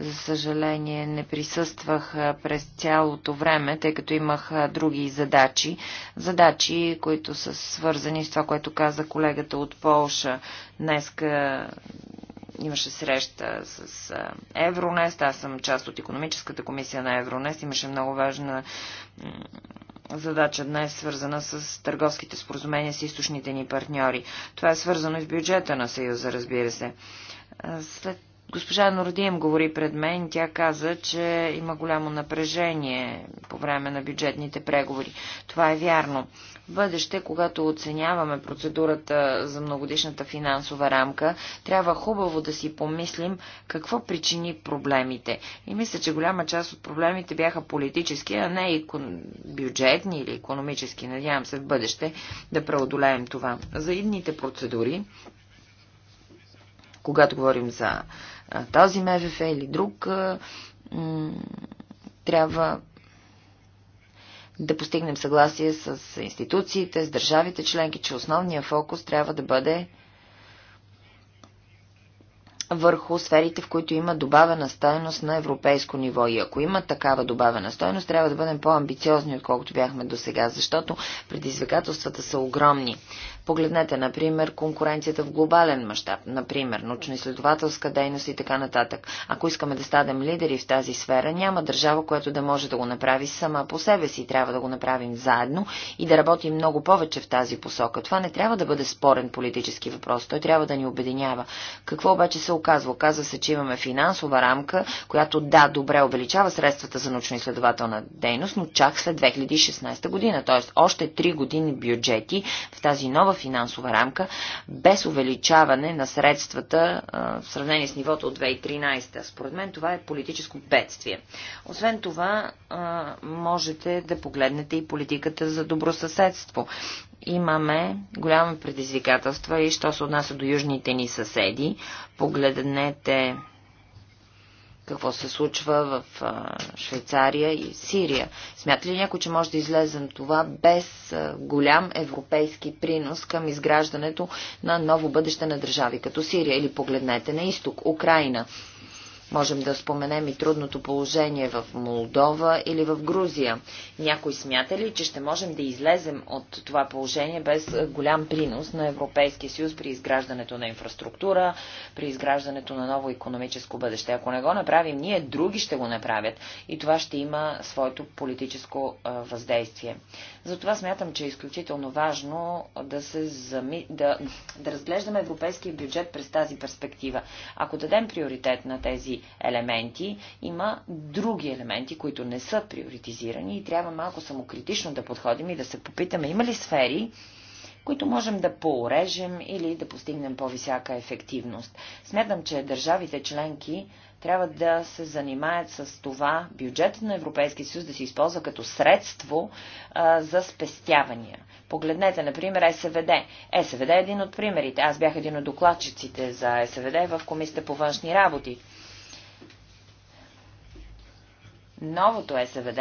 За съжаление не присъствах през цялото време, тъй като имах други задачи. Задачи, които са свързани с това, което каза колегата от Полша. Днеска Имаше среща с Евронест, аз съм част от економическата комисия на Евронест, имаше много важна задача днес, свързана с търговските споразумения с източните ни партньори. Това е свързано и с бюджета на Съюза, разбира се. След Госпожа Нордием говори пред мен. Тя каза, че има голямо напрежение по време на бюджетните преговори. Това е вярно. В бъдеще, когато оценяваме процедурата за многодишната финансова рамка, трябва хубаво да си помислим какво причини проблемите. И мисля, че голяма част от проблемите бяха политически, а не икон... бюджетни или економически. Надявам се в бъдеще да преодолеем това. За идните процедури когато говорим за този МФФ или друг, трябва да постигнем съгласие с институциите, с държавите членки, че основният фокус трябва да бъде върху сферите, в които има добавена стойност на европейско ниво. И ако има такава добавена стойност, трябва да бъдем по-амбициозни, отколкото бяхме до сега, защото предизвикателствата са огромни. Погледнете, например, конкуренцията в глобален мащаб, например, научно-изследователска дейност и така нататък. Ако искаме да станем лидери в тази сфера, няма държава, която да може да го направи сама по себе си. Трябва да го направим заедно и да работим много повече в тази посока. Това не трябва да бъде спорен политически въпрос. Той трябва да ни обединява. Какво обаче се оказва? Казва се, че имаме финансова рамка, която да, добре увеличава средствата за научно-изследователна дейност, но чак след 2016 година, т.е. още 3 години бюджети в тази нова финансова рамка, без увеличаване на средствата в сравнение с нивото от 2013. Според мен това е политическо бедствие. Освен това, можете да погледнете и политиката за добросъседство. Имаме голямо предизвикателства и що се отнася до южните ни съседи. Погледнете какво се случва в Швейцария и Сирия. Смята ли някой, че може да излезем това без голям европейски принос към изграждането на ново бъдеще на държави като Сирия? Или погледнете на изток, Украина. Можем да споменем и трудното положение в Молдова или в Грузия. Някой смята ли, че ще можем да излезем от това положение без голям принос на Европейския съюз при изграждането на инфраструктура, при изграждането на ново економическо бъдеще? Ако не го направим ние, други ще го направят и това ще има своето политическо въздействие. Затова смятам, че е изключително важно да, се зами... да, да разглеждаме европейския бюджет през тази перспектива. Ако дадем приоритет на тези елементи, има други елементи, които не са приоритизирани и трябва малко самокритично да подходим и да се попитаме има ли сфери, които можем да поорежем или да постигнем по-висяка ефективност. Смятам, че държавите членки трябва да се занимаят с това бюджетът на Европейския съюз да се използва като средство а, за спестявания. Погледнете, например, СВД. СВД е един от примерите. Аз бях един от докладчиците за СВД в Комисията по външни работи. Новото СВД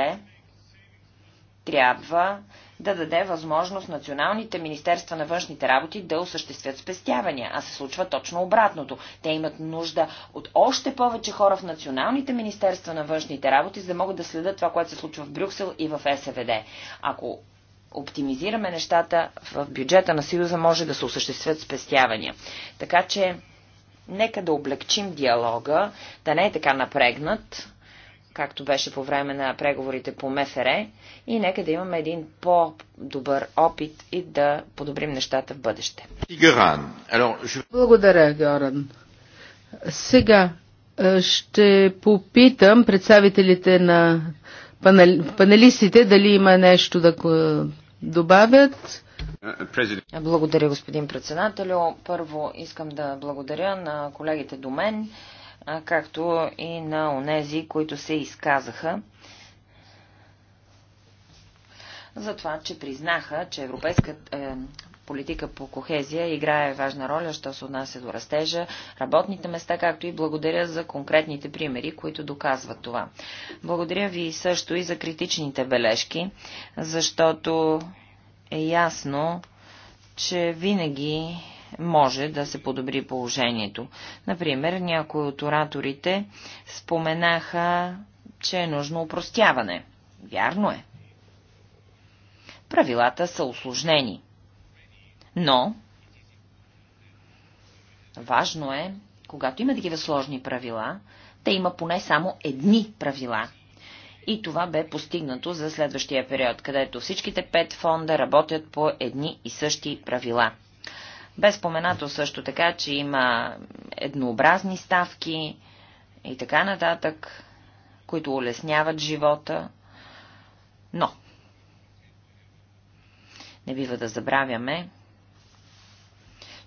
трябва да даде възможност националните министерства на външните работи да осъществят спестявания, а се случва точно обратното. Те имат нужда от още повече хора в националните министерства на външните работи, за да могат да следят това, което се случва в Брюксел и в СВД. Ако оптимизираме нещата в бюджета на Съюза, може да се осъществят спестявания. Така че, нека да облегчим диалога, да не е така напрегнат, както беше по време на преговорите по МФР, е. и нека да имаме един по-добър опит и да подобрим нещата в бъдеще. Благодаря, Георан. Сега е, ще попитам представителите на панелистите дали има нещо да добавят. Благодаря, господин председателю. Първо искам да благодаря на колегите до мен както и на онези, които се изказаха за това, че признаха, че европейска е, политика по кохезия играе важна роля, що се отнася до растежа, работните места, както и благодаря за конкретните примери, които доказват това. Благодаря ви също и за критичните бележки, защото е ясно, че винаги може да се подобри положението. Например, някои от ораторите споменаха, че е нужно упростяване. Вярно е. Правилата са осложнени. Но важно е, когато има такива сложни правила, да има поне само едни правила, и това бе постигнато за следващия период, където всичките пет фонда работят по едни и същи правила. Без споменато също така, че има еднообразни ставки и така нататък, които улесняват живота. Но не бива да забравяме,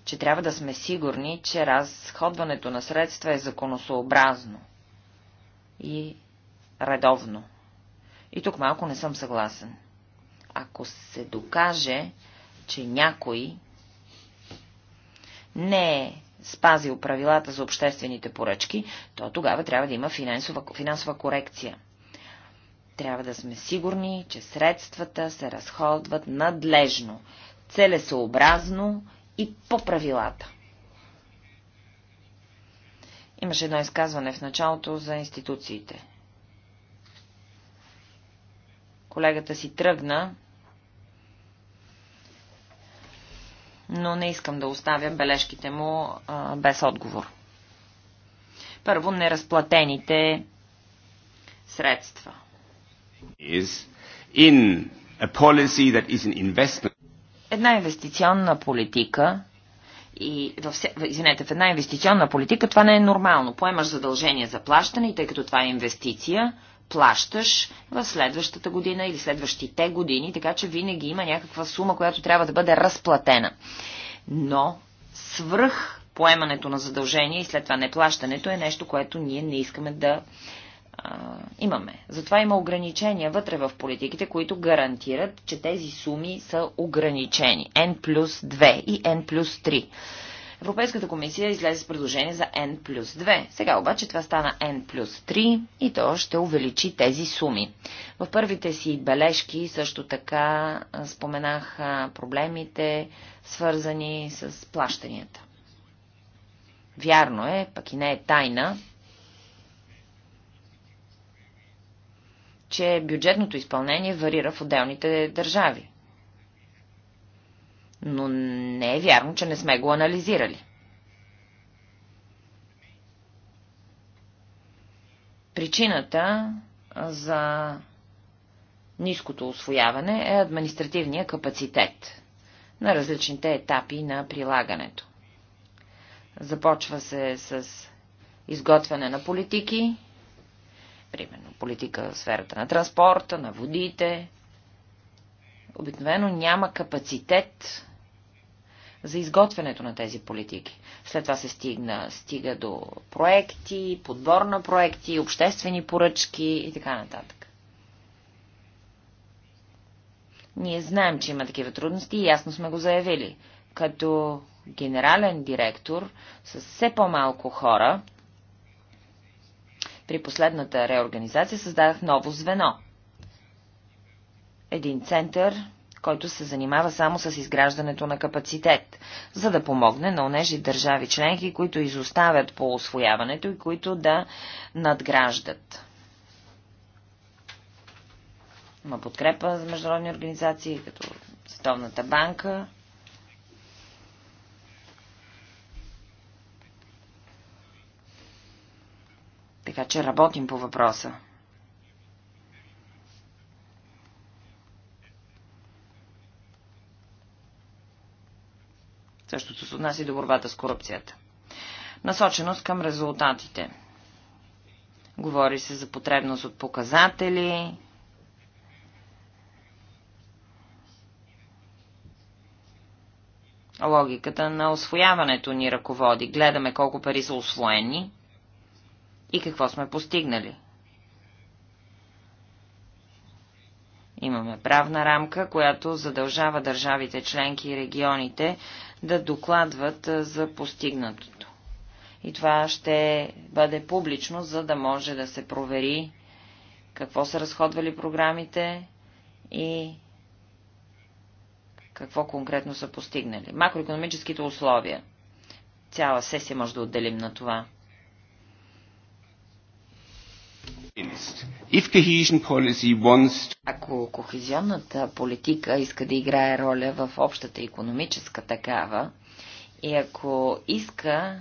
че трябва да сме сигурни, че разходването на средства е законосообразно и редовно. И тук малко не съм съгласен. Ако се докаже, че някой не е спазил правилата за обществените поръчки, то тогава трябва да има финансова, финансова корекция. Трябва да сме сигурни, че средствата се разходват надлежно, целесообразно и по правилата. Имаше едно изказване в началото за институциите. Колегата си тръгна, но не искам да оставя бележките му а, без отговор. Първо, неразплатените средства. Една инвестиционна политика и в, извинете, в една инвестиционна политика това не е нормално. Поемаш задължение за плащане и тъй като това е инвестиция, плащаш в следващата година или следващите години, така че винаги има някаква сума, която трябва да бъде разплатена. Но свръх поемането на задължение и след това неплащането е нещо, което ние не искаме да а, имаме. Затова има ограничения вътре в политиките, които гарантират, че тези суми са ограничени. N плюс 2 и N плюс 3. Европейската комисия излезе с предложение за N плюс 2. Сега обаче това стана N плюс 3 и то ще увеличи тези суми. В първите си бележки също така споменах проблемите, свързани с плащанията. Вярно е, пък и не е тайна, че бюджетното изпълнение варира в отделните държави. Но не е вярно, че не сме го анализирали. Причината за ниското освояване е административния капацитет на различните етапи на прилагането. Започва се с изготвяне на политики, примерно политика в сферата на транспорта, на водите. Обикновено няма капацитет за изготвянето на тези политики. След това се стигна, стига до проекти, подбор на проекти, обществени поръчки и така нататък. Ние знаем, че има такива трудности и ясно сме го заявили. Като генерален директор с все по-малко хора, при последната реорганизация създадах ново звено. Един център който се занимава само с изграждането на капацитет, за да помогне на онежи държави членки, които изоставят по освояването и които да надграждат. Има подкрепа за международни организации, като Световната банка. Така че работим по въпроса. Същото се отнася и до борбата с корупцията. Насоченост към резултатите. Говори се за потребност от показатели, Логиката на освояването ни ръководи. Гледаме колко пари са освоени и какво сме постигнали. Имаме правна рамка, която задължава държавите членки и регионите да докладват за постигнатото. И това ще бъде публично, за да може да се провери какво са разходвали програмите и какво конкретно са постигнали. Макроекономическите условия. Цяла сесия може да отделим на това. Ако кохезионната политика иска да играе роля в общата економическа такава и ако иска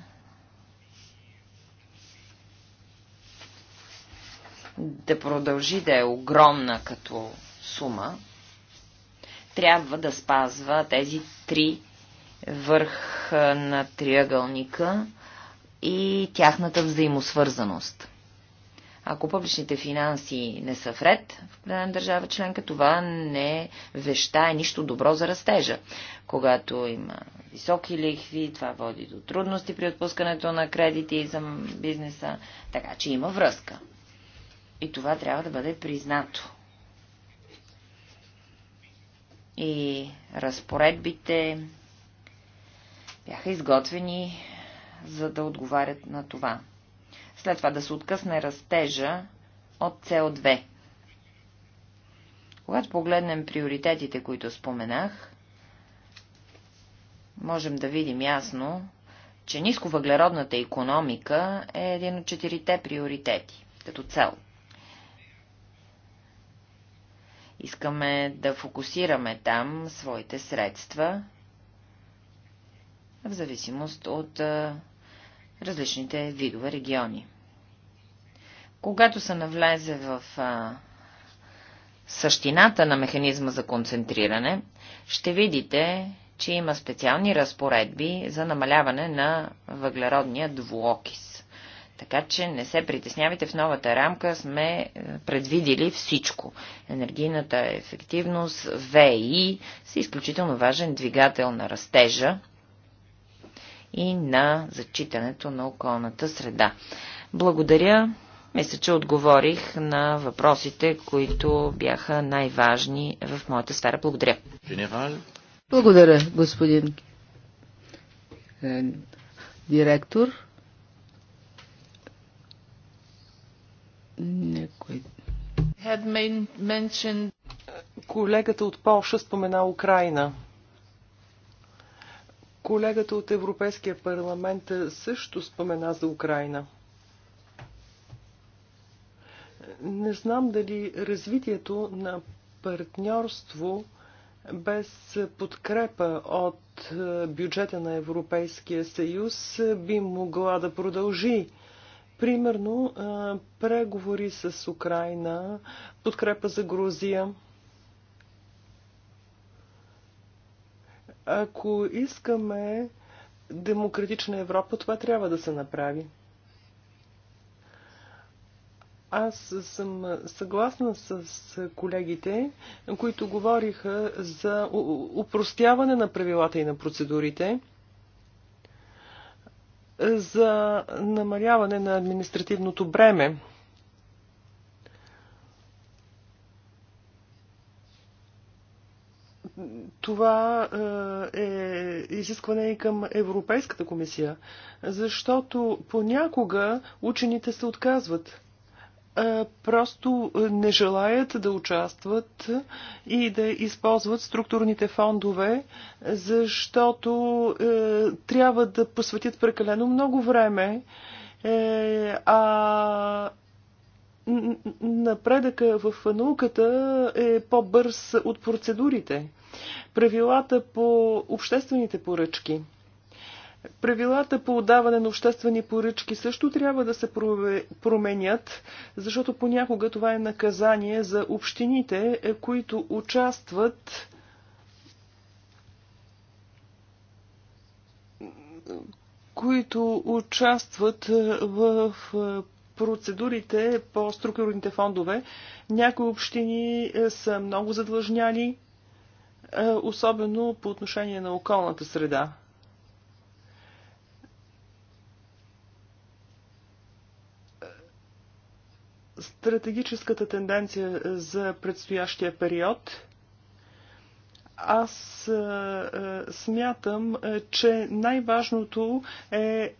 да продължи да е огромна като сума, трябва да спазва тези три върха на триъгълника и тяхната взаимосвързаност. Ако публичните финанси не са вред в една държава членка, това не веща е нищо добро за растежа. Когато има високи лихви, това води до трудности при отпускането на кредити за бизнеса, така че има връзка. И това трябва да бъде признато. И разпоредбите бяха изготвени за да отговарят на това след това да се откъсне растежа от CO2. Когато погледнем приоритетите, които споменах, можем да видим ясно, че нисковъглеродната економика е един от четирите приоритети като цел. Искаме да фокусираме там своите средства в зависимост от различните видове региони. Когато се навлезе в а, същината на механизма за концентриране, ще видите, че има специални разпоредби за намаляване на въглеродния двуокис. Така че не се притеснявайте, в новата рамка сме е, предвидили всичко. Енергийната ефективност, ВИ, са изключително важен двигател на растежа и на зачитането на околната среда. Благодаря. Мисля, че отговорих на въпросите, които бяха най-важни в моята сфера. Благодаря. Благодаря, господин е, директор. Колегата от Полша спомена Украина. Колегата от Европейския парламент също спомена за Украина. Не знам дали развитието на партньорство без подкрепа от е, бюджета на Европейския съюз би могла да продължи. Примерно е, преговори с Украина, подкрепа за Грузия. Ако искаме демократична Европа, това трябва да се направи. Аз съм съгласна с колегите, които говориха за упростяване на правилата и на процедурите, за намаляване на административното бреме. това е, е изискване и към Европейската комисия, защото понякога учените се отказват. Е, просто е, не желаят да участват и да използват структурните фондове, защото трябва да посветят прекалено много време а напредъка в науката е по-бърз от процедурите. Правилата по обществените поръчки. Правилата по отдаване на обществени поръчки също трябва да се променят, защото понякога това е наказание за общините, е, които участват които участват е, в е, процедурите по структурните фондове. Някои общини е, са много задлъжняли, е, особено по отношение на околната среда. Стратегическата тенденция е, за предстоящия период – аз смятам, че най-важното е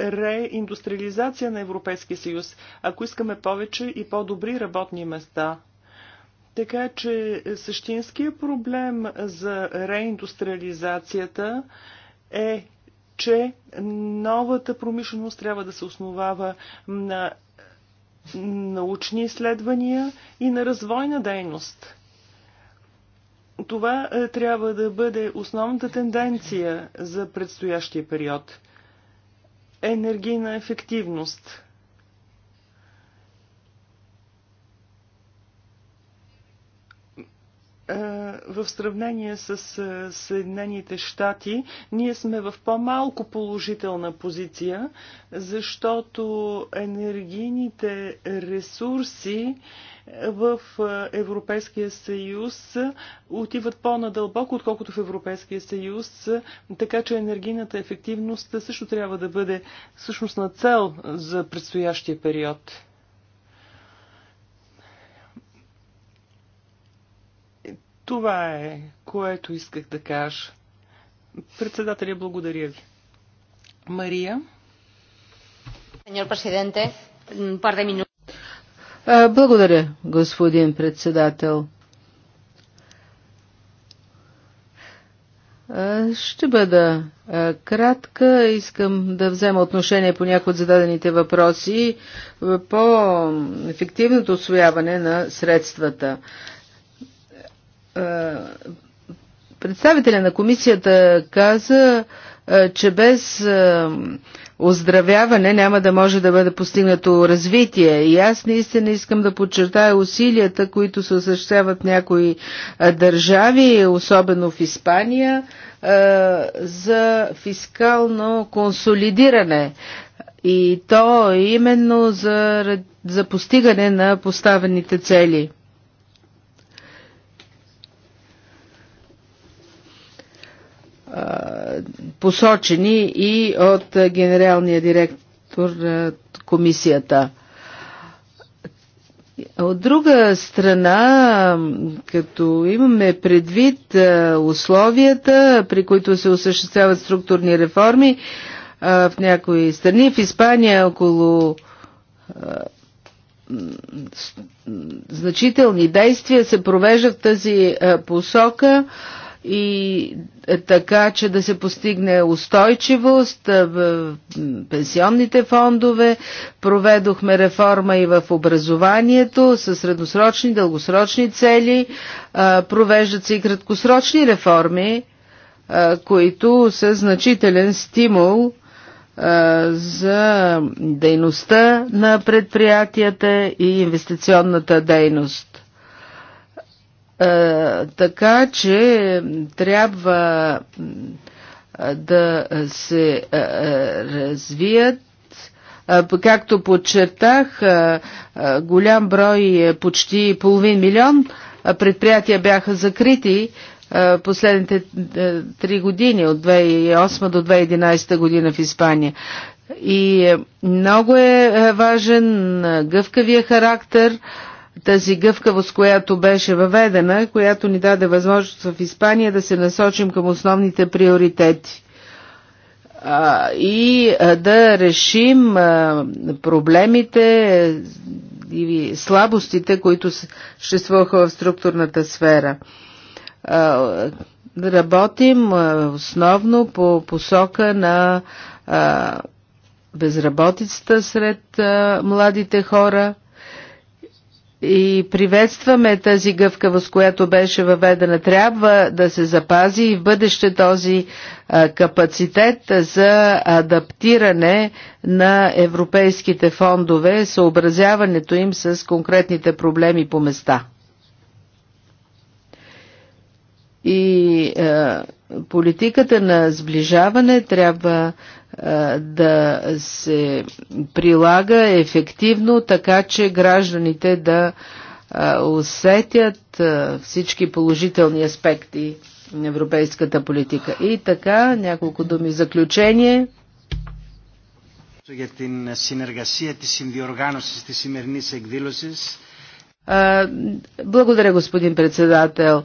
реиндустриализация на Европейския съюз, ако искаме повече и по-добри работни места. Така че същинския проблем за реиндустриализацията е, че новата промишленост трябва да се основава на научни изследвания и на развойна дейност. Това е, трябва да бъде основната тенденция за предстоящия период – енергийна ефективност. Е, в сравнение с е, Съединените щати, ние сме в по-малко положителна позиция, защото енергийните ресурси е, в Европейския съюз отиват по-надълбоко, отколкото в Европейския съюз, така че енергийната ефективност също трябва да бъде всъщност на цел за предстоящия период. Това е, което исках да кажа. Председателя, благодаря ви. Мария. Сеньор президенте, пар Благодаря, господин председател. Е, ще бъда е, кратка. Искам да взема отношение по някои от зададените въпроси по ефективното освояване на средствата. Е, представителя на комисията каза, е, че без е, оздравяване няма да може да бъде постигнато развитие. И аз наистина искам да подчертая усилията, които се осъществяват някои държави, особено в Испания, за фискално консолидиране. И то именно за, за постигане на поставените цели. посочени и от генералния директор на е, комисията. От друга страна, като имаме предвид е, условията, при които се осъществяват структурни реформи е, в някои страни, в Испания около значителни действия се провеждат в тази посока и е така, че да се постигне устойчивост е, в пенсионните фондове. Проведохме реформа и в образованието с средносрочни, дългосрочни цели. Е, провеждат се и краткосрочни реформи, които са значителен стимул за дейността на предприятията и инвестиционната дейност. Е, така че трябва да се е, е, развият както подчертах, голям брой, почти половин милион предприятия бяха закрити последните три години, от 2008 до 2011 година в Испания. И много е важен гъвкавия характер тази гъвкавост, която беше въведена, която ни даде възможност в Испания да се насочим към основните приоритети и да решим проблемите и слабостите, които съществуваха в структурната сфера. Работим основно по посока на безработицата сред младите хора и приветстваме тази гъвкавост, която беше въведена. Трябва да се запази и в бъдеще този капацитет за адаптиране на европейските фондове, съобразяването им с конкретните проблеми по места. И политиката на сближаване трябва да се прилага ефективно, така че гражданите да усетят всички положителни аспекти на европейската политика. И така, няколко думи в заключение. Για την συνεργασία της συνδιοργάνωσης της σημερινής εκδήλωσης. Благодаря, господин председател.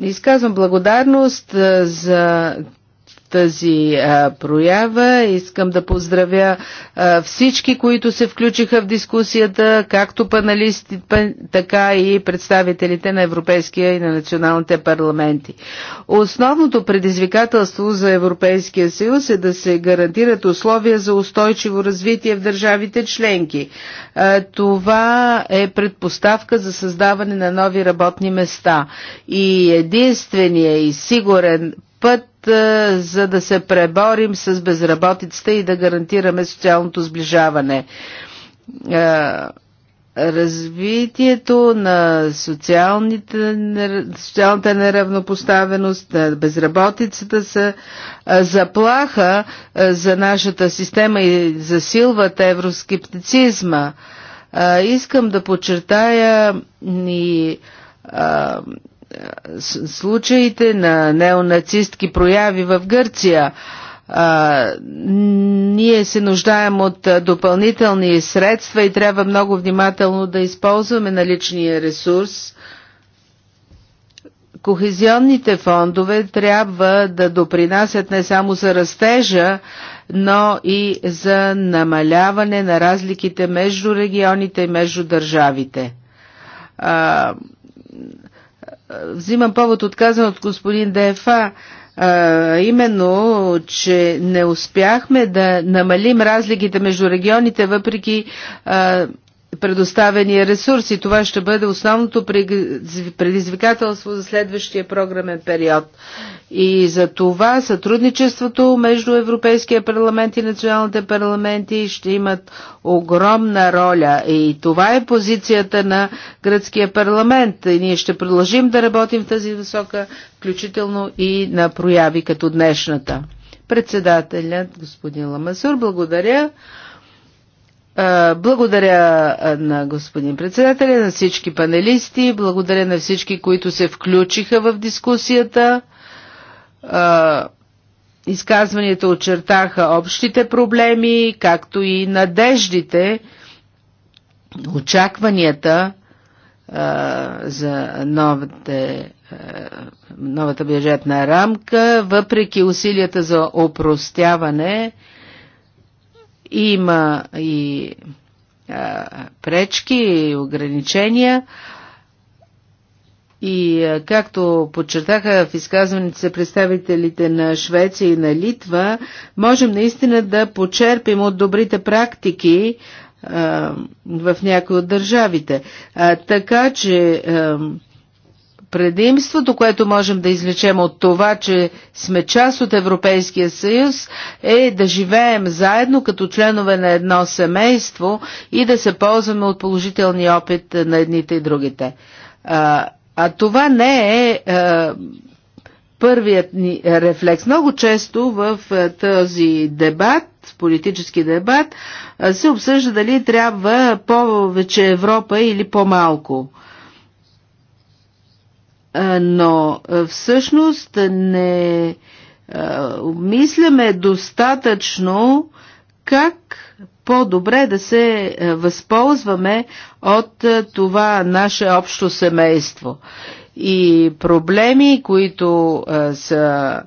Изказвам благодарност за тази а, проява. Искам да поздравя а, всички, които се включиха в дискусията, както паналисти, така и представителите на Европейския и на националните парламенти. Основното предизвикателство за Европейския съюз е да се гарантират условия за устойчиво развитие в държавите членки. А, това е предпоставка за създаване на нови работни места. И единствения и сигурен път е, за да се преборим с безработицата и да гарантираме социалното сближаване. Е, развитието на социалната неравнопоставеност, на безработицата са е, заплаха за нашата система и засилват евроскептицизма. Искам да подчертая и случаите на неонацистки прояви в Гърция. А, ние се нуждаем от допълнителни средства и трябва много внимателно да използваме наличния ресурс. Кохезионните фондове трябва да допринасят не само за растежа, но и за намаляване на разликите между регионите и между държавите. А, взимам повод отказан от господин ДФА, а, именно, че не успяхме да намалим разликите между регионите, въпреки а, предоставения ресурс и това ще бъде основното предизвикателство за следващия програмен период. И за това сътрудничеството между Европейския парламент и националните парламенти ще имат огромна роля. И това е позицията на гръцкия парламент. И ние ще продължим да работим в тази висока, включително и на прояви като днешната. Председателят господин Ламасур, благодаря. Благодаря на господин председателя, на всички панелисти, благодаря на всички, които се включиха в дискусията. Изказванията очертаха общите проблеми, както и надеждите, очакванията за новите, новата бюджетна рамка, въпреки усилията за опростяване има и пречки и ограничения. И както подчертаха в изказването се представителите на Швеция и на Литва, можем наистина да почерпим от добрите практики а, в някои от държавите. А, така че а, Предимството, което можем да излечем от това, че сме част от Европейския съюз, е да живеем заедно като членове на едно семейство и да се ползваме от положителния опит на едните и другите. А, а това не е а, първият ни рефлекс. Много често в този дебат, политически дебат, се обсъжда дали трябва повече Европа или по-малко но всъщност не обмисляме достатъчно как по-добре да се възползваме от това наше общо семейство. И проблеми, които са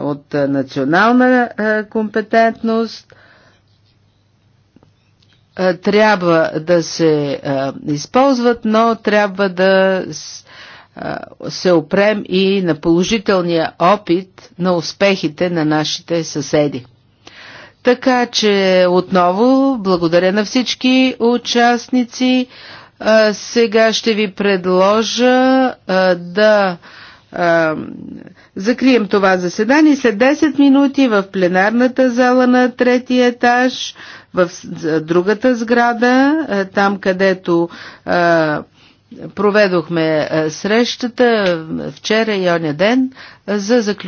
от национална компетентност, трябва да се използват, но трябва да се опрем и на положителния опит на успехите на нашите съседи. Така че отново благодаря на всички участници. Сега ще ви предложа да закрием това заседание. След 10 минути в пленарната зала на третия етаж, в другата сграда, там където Проведохме е, срещата вчера и оня ден е, за заключение.